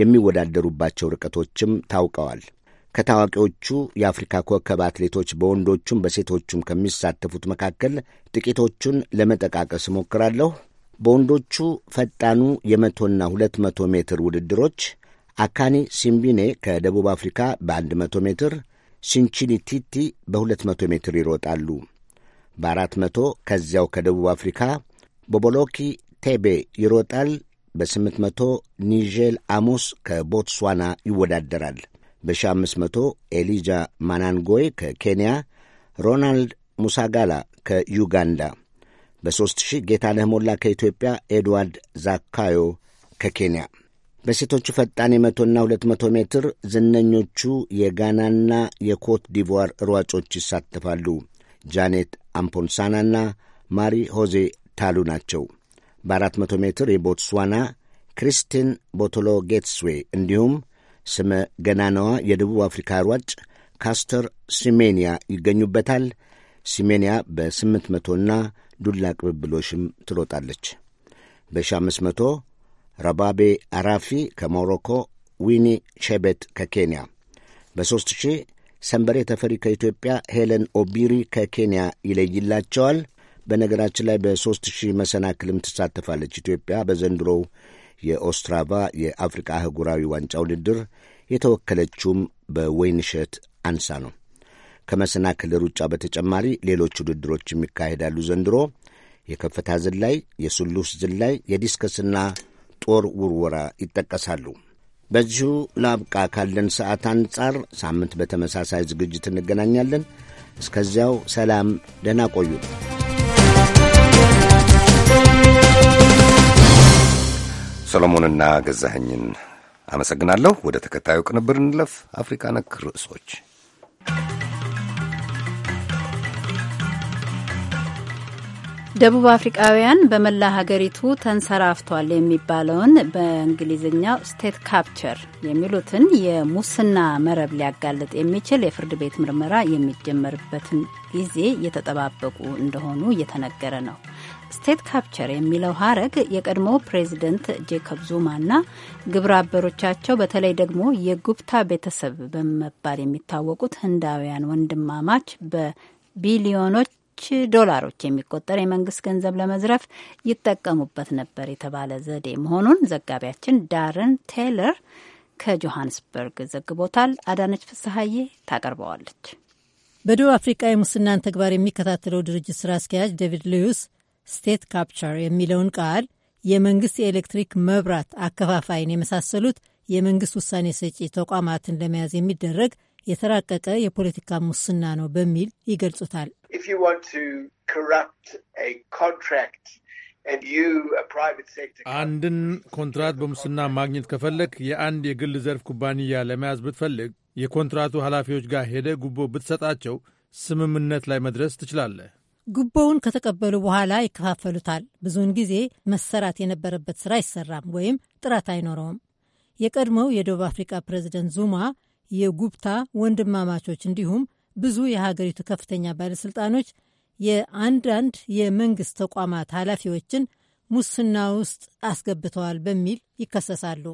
[SPEAKER 16] የሚወዳደሩባቸው ርቀቶችም ታውቀዋል። ከታዋቂዎቹ የአፍሪካ ኮከብ አትሌቶች በወንዶቹም በሴቶቹም ከሚሳተፉት መካከል ጥቂቶቹን ለመጠቃቀስ እሞክራለሁ። በወንዶቹ ፈጣኑ የመቶና ሁለት መቶ ሜትር ውድድሮች አካኒ ሲምቢኔ ከደቡብ አፍሪካ በአንድ መቶ ሜትር፣ ሲንቺኒ ቲቲ በሁለት መቶ ሜትር ይሮጣሉ በአራት መቶ ከዚያው ከደቡብ አፍሪካ ቦቦሎኪ ቴቤ ይሮጣል በስምንት መቶ ኒጄል አሞስ ከቦትስዋና ይወዳደራል። በ1500 ኤሊጃ ማናንጎይ ከኬንያ፣ ሮናልድ ሙሳጋላ ከዩጋንዳ፣ በ3000 ጌታነህ ሞላ ከኢትዮጵያ፣ ኤድዋርድ ዛካዮ ከኬንያ። በሴቶቹ ፈጣን የመቶና መቶ ሜትር ዝነኞቹ የጋናና የኮት ዲቮር ሯጮች ይሳተፋሉ። ጃኔት አምፖንሳናና ማሪ ሆዜ ታሉ ናቸው በአራት መቶ ሜትር የቦትስዋና ክሪስቲን ቦቶሎ ጌትስዌ እንዲሁም ስመ ገናናዋ የደቡብ አፍሪካ ሯጭ ካስተር ሲሜንያ ይገኙበታል። ሲሜንያ በስምንት መቶና ዱላ ቅብብሎሽም ትሮጣለች። በሺ አምስት መቶ ረባቤ አራፊ ከሞሮኮ፣ ዊኒ ሸቤት ከኬንያ በሦስት ሺህ ሰንበሬ ተፈሪ ከኢትዮጵያ፣ ሄለን ኦቢሪ ከኬንያ ይለይላቸዋል። በነገራችን ላይ በሦስት ሺህ መሰናክልም ትሳተፋለች ኢትዮጵያ በዘንድሮው የኦስትራቫ የአፍሪቃ አህጉራዊ ዋንጫ ውድድር የተወከለችውም በወይንሸት አንሳ ነው። ከመሰናክል ሩጫ በተጨማሪ ሌሎች ውድድሮች ይካሄዳሉ ዘንድሮ የከፍታ ዝላይ፣ የሱሉስ ዝላይ፣ የዲስከስና ጦር ውርወራ ይጠቀሳሉ። በዚሁ ላብቃ። ካለን ሰዓት አንጻር ሳምንት በተመሳሳይ ዝግጅት እንገናኛለን። እስከዚያው ሰላም፣ ደህና ቆዩ።
[SPEAKER 2] ሰሎሞንና ገዛኸኝን አመሰግናለሁ። ወደ ተከታዩ ቅንብር እንለፍ። አፍሪካ ነክ ርዕሶች
[SPEAKER 1] ደቡብ አፍሪካውያን በመላ ሀገሪቱ ተንሰራፍቷል የሚባለውን በእንግሊዝኛው ስቴት ካፕቸር የሚሉትን የሙስና መረብ ሊያጋልጥ የሚችል የፍርድ ቤት ምርመራ የሚጀመርበትን ጊዜ እየተጠባበቁ እንደሆኑ እየተነገረ ነው። ስቴት ካፕቸር የሚለው ሀረግ የቀድሞ ፕሬዚደንት ጄኮብ ዙማና ግብረ አበሮቻቸው በተለይ ደግሞ የጉፕታ ቤተሰብ በመባል የሚታወቁት ህንዳውያን ወንድማማች በቢሊዮኖች ዶላሮች የሚቆጠር የመንግስት ገንዘብ ለመዝረፍ ይጠቀሙበት ነበር የተባለ ዘዴ መሆኑን ዘጋቢያችን ዳርን ቴይለር ከጆሃንስበርግ ዘግቦታል። አዳነች ፍስሀዬ ታቀርበዋለች። በደቡብ አፍሪቃ የሙስናን ተግባር የሚከታተለው ድርጅት ስራ አስኪያጅ ዴቪድ ሉዊስ
[SPEAKER 18] ስቴት ካፕቸር የሚለውን ቃል የመንግስት የኤሌክትሪክ መብራት አከፋፋይን የመሳሰሉት የመንግስት ውሳኔ ሰጪ ተቋማትን ለመያዝ የሚደረግ የተራቀቀ የፖለቲካ ሙስና ነው በሚል ይገልጹታል።
[SPEAKER 12] አንድን ኮንትራት በሙስና ማግኘት ከፈለግ የአንድ የግል ዘርፍ ኩባንያ ለመያዝ ብትፈልግ የኮንትራቱ ኃላፊዎች ጋር ሄደ ጉቦ ብትሰጣቸው ስምምነት ላይ መድረስ ትችላለህ።
[SPEAKER 18] ጉቦውን ከተቀበሉ በኋላ ይከፋፈሉታል። ብዙውን ጊዜ መሰራት የነበረበት ስራ አይሰራም ወይም ጥራት አይኖረውም። የቀድሞው የደቡብ አፍሪካ ፕሬዚደንት ዙማ የጉብታ ወንድማማቾች እንዲሁም ብዙ የሀገሪቱ ከፍተኛ ባለሥልጣኖች የአንዳንድ የመንግሥት ተቋማት ኃላፊዎችን ሙስና ውስጥ አስገብተዋል በሚል ይከሰሳሉ።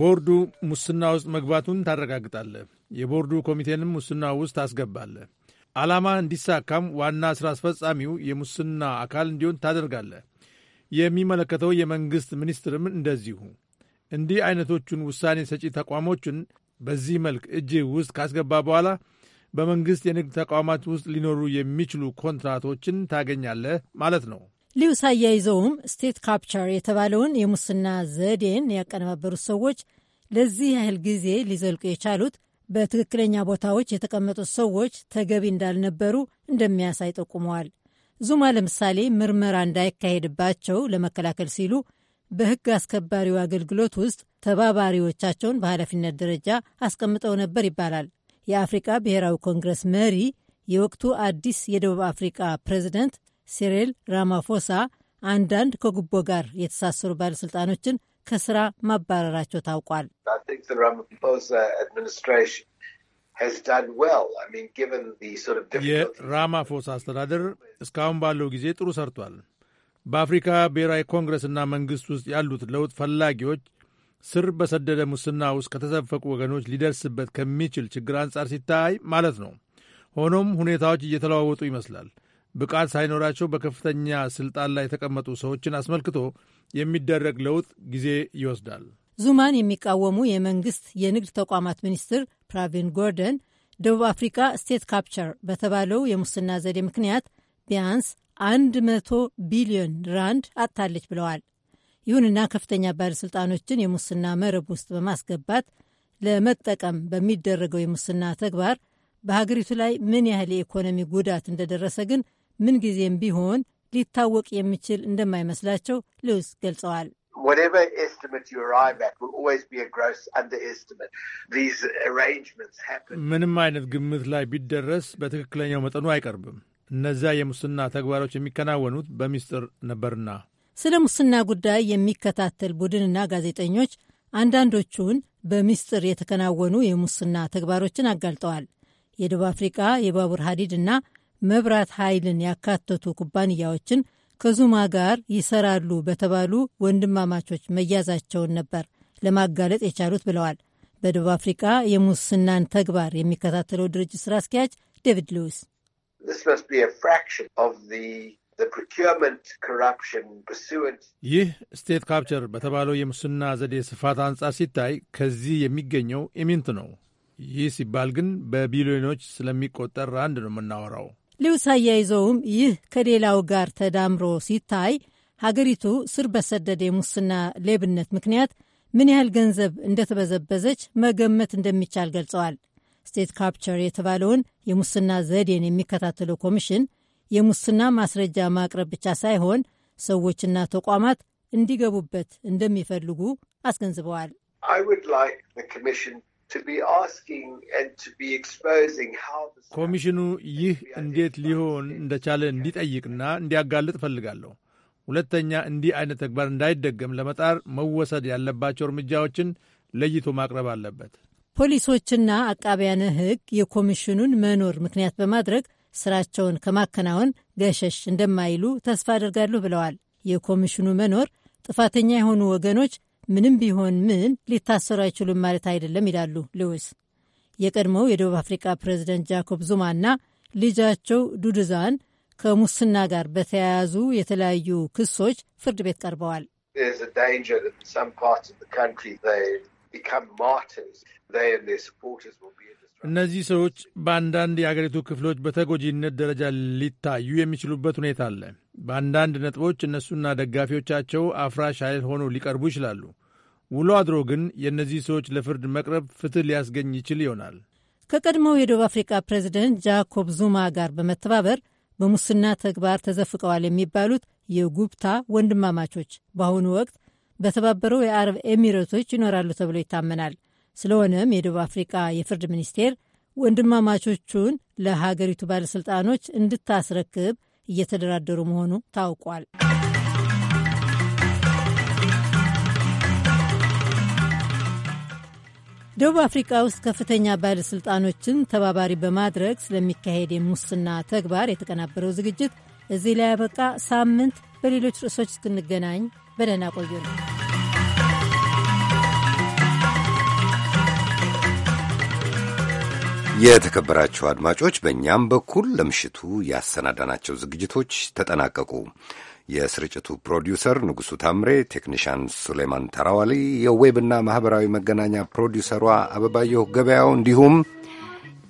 [SPEAKER 12] ቦርዱ ሙስና ውስጥ መግባቱን ታረጋግጣለህ። የቦርዱ ኮሚቴንም ሙስና ውስጥ ታስገባለህ። ዓላማ እንዲሳካም ዋና ሥራ አስፈጻሚው የሙስና አካል እንዲሆን ታደርጋለህ። የሚመለከተው የመንግሥት ሚኒስትርም እንደዚሁ። እንዲህ ዐይነቶቹን ውሳኔ ሰጪ ተቋሞችን በዚህ መልክ እጅ ውስጥ ካስገባ በኋላ በመንግስት የንግድ ተቋማት ውስጥ ሊኖሩ የሚችሉ ኮንትራቶችን ታገኛለህ ማለት ነው።
[SPEAKER 18] ሊውስ አያይዘውም ስቴት ካፕቸር የተባለውን የሙስና ዘዴን ያቀነባበሩት ሰዎች ለዚህ ያህል ጊዜ ሊዘልቁ የቻሉት በትክክለኛ ቦታዎች የተቀመጡት ሰዎች ተገቢ እንዳልነበሩ እንደሚያሳይ ጠቁመዋል። ዙማ ለምሳሌ ምርመራ እንዳይካሄድባቸው ለመከላከል ሲሉ በሕግ አስከባሪው አገልግሎት ውስጥ ተባባሪዎቻቸውን በኃላፊነት ደረጃ አስቀምጠው ነበር ይባላል። የአፍሪቃ ብሔራዊ ኮንግረስ መሪ የወቅቱ አዲስ የደቡብ አፍሪቃ ፕሬዚደንት ሲሪል ራማፎሳ አንዳንድ ከጉቦ ጋር የተሳሰሩ ባለሥልጣኖችን ከስራ
[SPEAKER 12] ማባረራቸው ታውቋል። የራማፎሳ አስተዳደር እስካሁን ባለው ጊዜ ጥሩ ሰርቷል። በአፍሪካ ብሔራዊ ኮንግረስና መንግሥት ውስጥ ያሉት ለውጥ ፈላጊዎች ስር በሰደደ ሙስና ውስጥ ከተዘፈቁ ወገኖች ሊደርስበት ከሚችል ችግር አንጻር ሲታይ ማለት ነው። ሆኖም ሁኔታዎች እየተለዋወጡ ይመስላል። ብቃት ሳይኖራቸው በከፍተኛ ስልጣን ላይ የተቀመጡ ሰዎችን አስመልክቶ የሚደረግ ለውጥ ጊዜ ይወስዳል።
[SPEAKER 18] ዙማን የሚቃወሙ የመንግስት የንግድ ተቋማት ሚኒስትር ፕራቪን ጎርደን ደቡብ አፍሪካ ስቴት ካፕቸር በተባለው የሙስና ዘዴ ምክንያት ቢያንስ 100 ቢሊዮን ራንድ አጥታለች ብለዋል። ይሁንና ከፍተኛ ባለሥልጣኖችን የሙስና መረብ ውስጥ በማስገባት ለመጠቀም በሚደረገው የሙስና ተግባር በሀገሪቱ ላይ ምን ያህል የኢኮኖሚ ጉዳት እንደደረሰ ግን ምንጊዜም ቢሆን ሊታወቅ የሚችል እንደማይመስላቸው ልውስ ገልጸዋል።
[SPEAKER 12] ምንም አይነት ግምት ላይ ቢደረስ በትክክለኛው መጠኑ አይቀርብም። እነዚያ የሙስና ተግባሮች የሚከናወኑት በሚስጥር ነበርና
[SPEAKER 18] ስለ ሙስና ጉዳይ የሚከታተል ቡድንና ጋዜጠኞች አንዳንዶቹን በምስጢር የተከናወኑ የሙስና ተግባሮችን አጋልጠዋል። የደቡብ አፍሪቃ የባቡር ሀዲድ እና መብራት ኃይልን ያካተቱ ኩባንያዎችን ከዙማ ጋር ይሰራሉ በተባሉ ወንድማማቾች መያዛቸውን ነበር ለማጋለጥ የቻሉት ብለዋል። በደቡብ አፍሪቃ የሙስናን ተግባር የሚከታተለው ድርጅት
[SPEAKER 12] ስራ አስኪያጅ ዴቪድ ሉዊስ ይህ ስቴት ካፕቸር በተባለው የሙስና ዘዴ ስፋት አንጻር ሲታይ ከዚህ የሚገኘው ኢሚንት ነው። ይህ ሲባል ግን በቢሊዮኖች ስለሚቆጠር አንድ ነው የምናወራው።
[SPEAKER 18] ሊውስ አያይዘውም ይህ ከሌላው ጋር ተዳምሮ ሲታይ ሀገሪቱ ስር በሰደደ የሙስና ሌብነት ምክንያት ምን ያህል ገንዘብ እንደተበዘበዘች መገመት እንደሚቻል ገልጸዋል። ስቴት ካፕቸር የተባለውን የሙስና ዘዴን የሚከታተለው ኮሚሽን የሙስና ማስረጃ ማቅረብ ብቻ ሳይሆን ሰዎችና ተቋማት እንዲገቡበት እንደሚፈልጉ አስገንዝበዋል።
[SPEAKER 12] ኮሚሽኑ ይህ እንዴት ሊሆን እንደቻለ እንዲጠይቅና እንዲያጋልጥ እፈልጋለሁ። ሁለተኛ እንዲህ አይነት ተግባር እንዳይደገም ለመጣር መወሰድ ያለባቸው እርምጃዎችን ለይቶ ማቅረብ አለበት።
[SPEAKER 18] ፖሊሶችና አቃቢያነ ሕግ የኮሚሽኑን መኖር ምክንያት በማድረግ ስራቸውን ከማከናወን ገሸሽ እንደማይሉ ተስፋ አድርጋለሁ ብለዋል። የኮሚሽኑ መኖር ጥፋተኛ የሆኑ ወገኖች ምንም ቢሆን ምን ሊታሰሩ አይችሉም ማለት አይደለም ይላሉ ልዊስ። የቀድሞው የደቡብ አፍሪካ ፕሬዚደንት ጃኮብ ዙማና ልጃቸው ዱድዛን ከሙስና ጋር በተያያዙ የተለያዩ ክሶች ፍርድ ቤት ቀርበዋል።
[SPEAKER 12] እነዚህ ሰዎች በአንዳንድ የአገሪቱ ክፍሎች በተጎጂነት ደረጃ ሊታዩ የሚችሉበት ሁኔታ አለ። በአንዳንድ ነጥቦች እነሱና ደጋፊዎቻቸው አፍራሽ ኃይል ሆኖ ሊቀርቡ ይችላሉ። ውሎ አድሮ ግን የእነዚህ ሰዎች ለፍርድ መቅረብ ፍትህ ሊያስገኝ ይችል ይሆናል።
[SPEAKER 18] ከቀድሞው የደቡብ አፍሪካ ፕሬዚደንት ጃኮብ ዙማ ጋር በመተባበር በሙስና ተግባር ተዘፍቀዋል የሚባሉት የጉብታ ወንድማማቾች በአሁኑ ወቅት በተባበረው የአረብ ኤሚሬቶች ይኖራሉ ተብሎ ይታመናል። ስለሆነም የደቡብ አፍሪቃ የፍርድ ሚኒስቴር ወንድማማቾቹን ለሀገሪቱ ባለሥልጣኖች እንድታስረክብ እየተደራደሩ መሆኑ ታውቋል። ደቡብ አፍሪቃ ውስጥ ከፍተኛ ባለሥልጣኖችን ተባባሪ በማድረግ ስለሚካሄድ የሙስና ተግባር የተቀናበረው ዝግጅት እዚህ ላይ ያበቃ። ሳምንት በሌሎች ርዕሶች እስክንገናኝ በደህና ቆዩ ነው።
[SPEAKER 2] የተከበራችሁ አድማጮች በእኛም በኩል ለምሽቱ ያሰናዳናቸው ዝግጅቶች ተጠናቀቁ። የስርጭቱ ፕሮዲውሰር ንጉሡ ታምሬ፣ ቴክኒሻን ሱሌማን ተራዋሊ፣ የዌብና ማኅበራዊ መገናኛ ፕሮዲውሰሯ አበባየሁ ገበያው እንዲሁም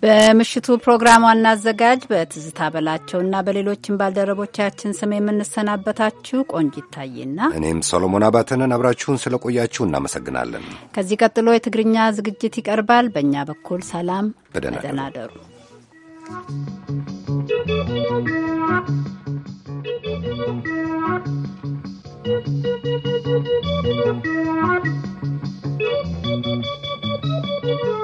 [SPEAKER 1] በምሽቱ ፕሮግራም ዋና አዘጋጅ በትዝታ በላቸውና በሌሎችም ባልደረቦቻችን ስም የምንሰናበታችሁ ቆንጅ ይታይና
[SPEAKER 2] እኔም ሰሎሞን አባተነን አብራችሁን ስለቆያችሁ እናመሰግናለን።
[SPEAKER 1] ከዚህ ቀጥሎ የትግርኛ ዝግጅት ይቀርባል። በእኛ በኩል ሰላም፣
[SPEAKER 2] በደህና
[SPEAKER 9] Thank you.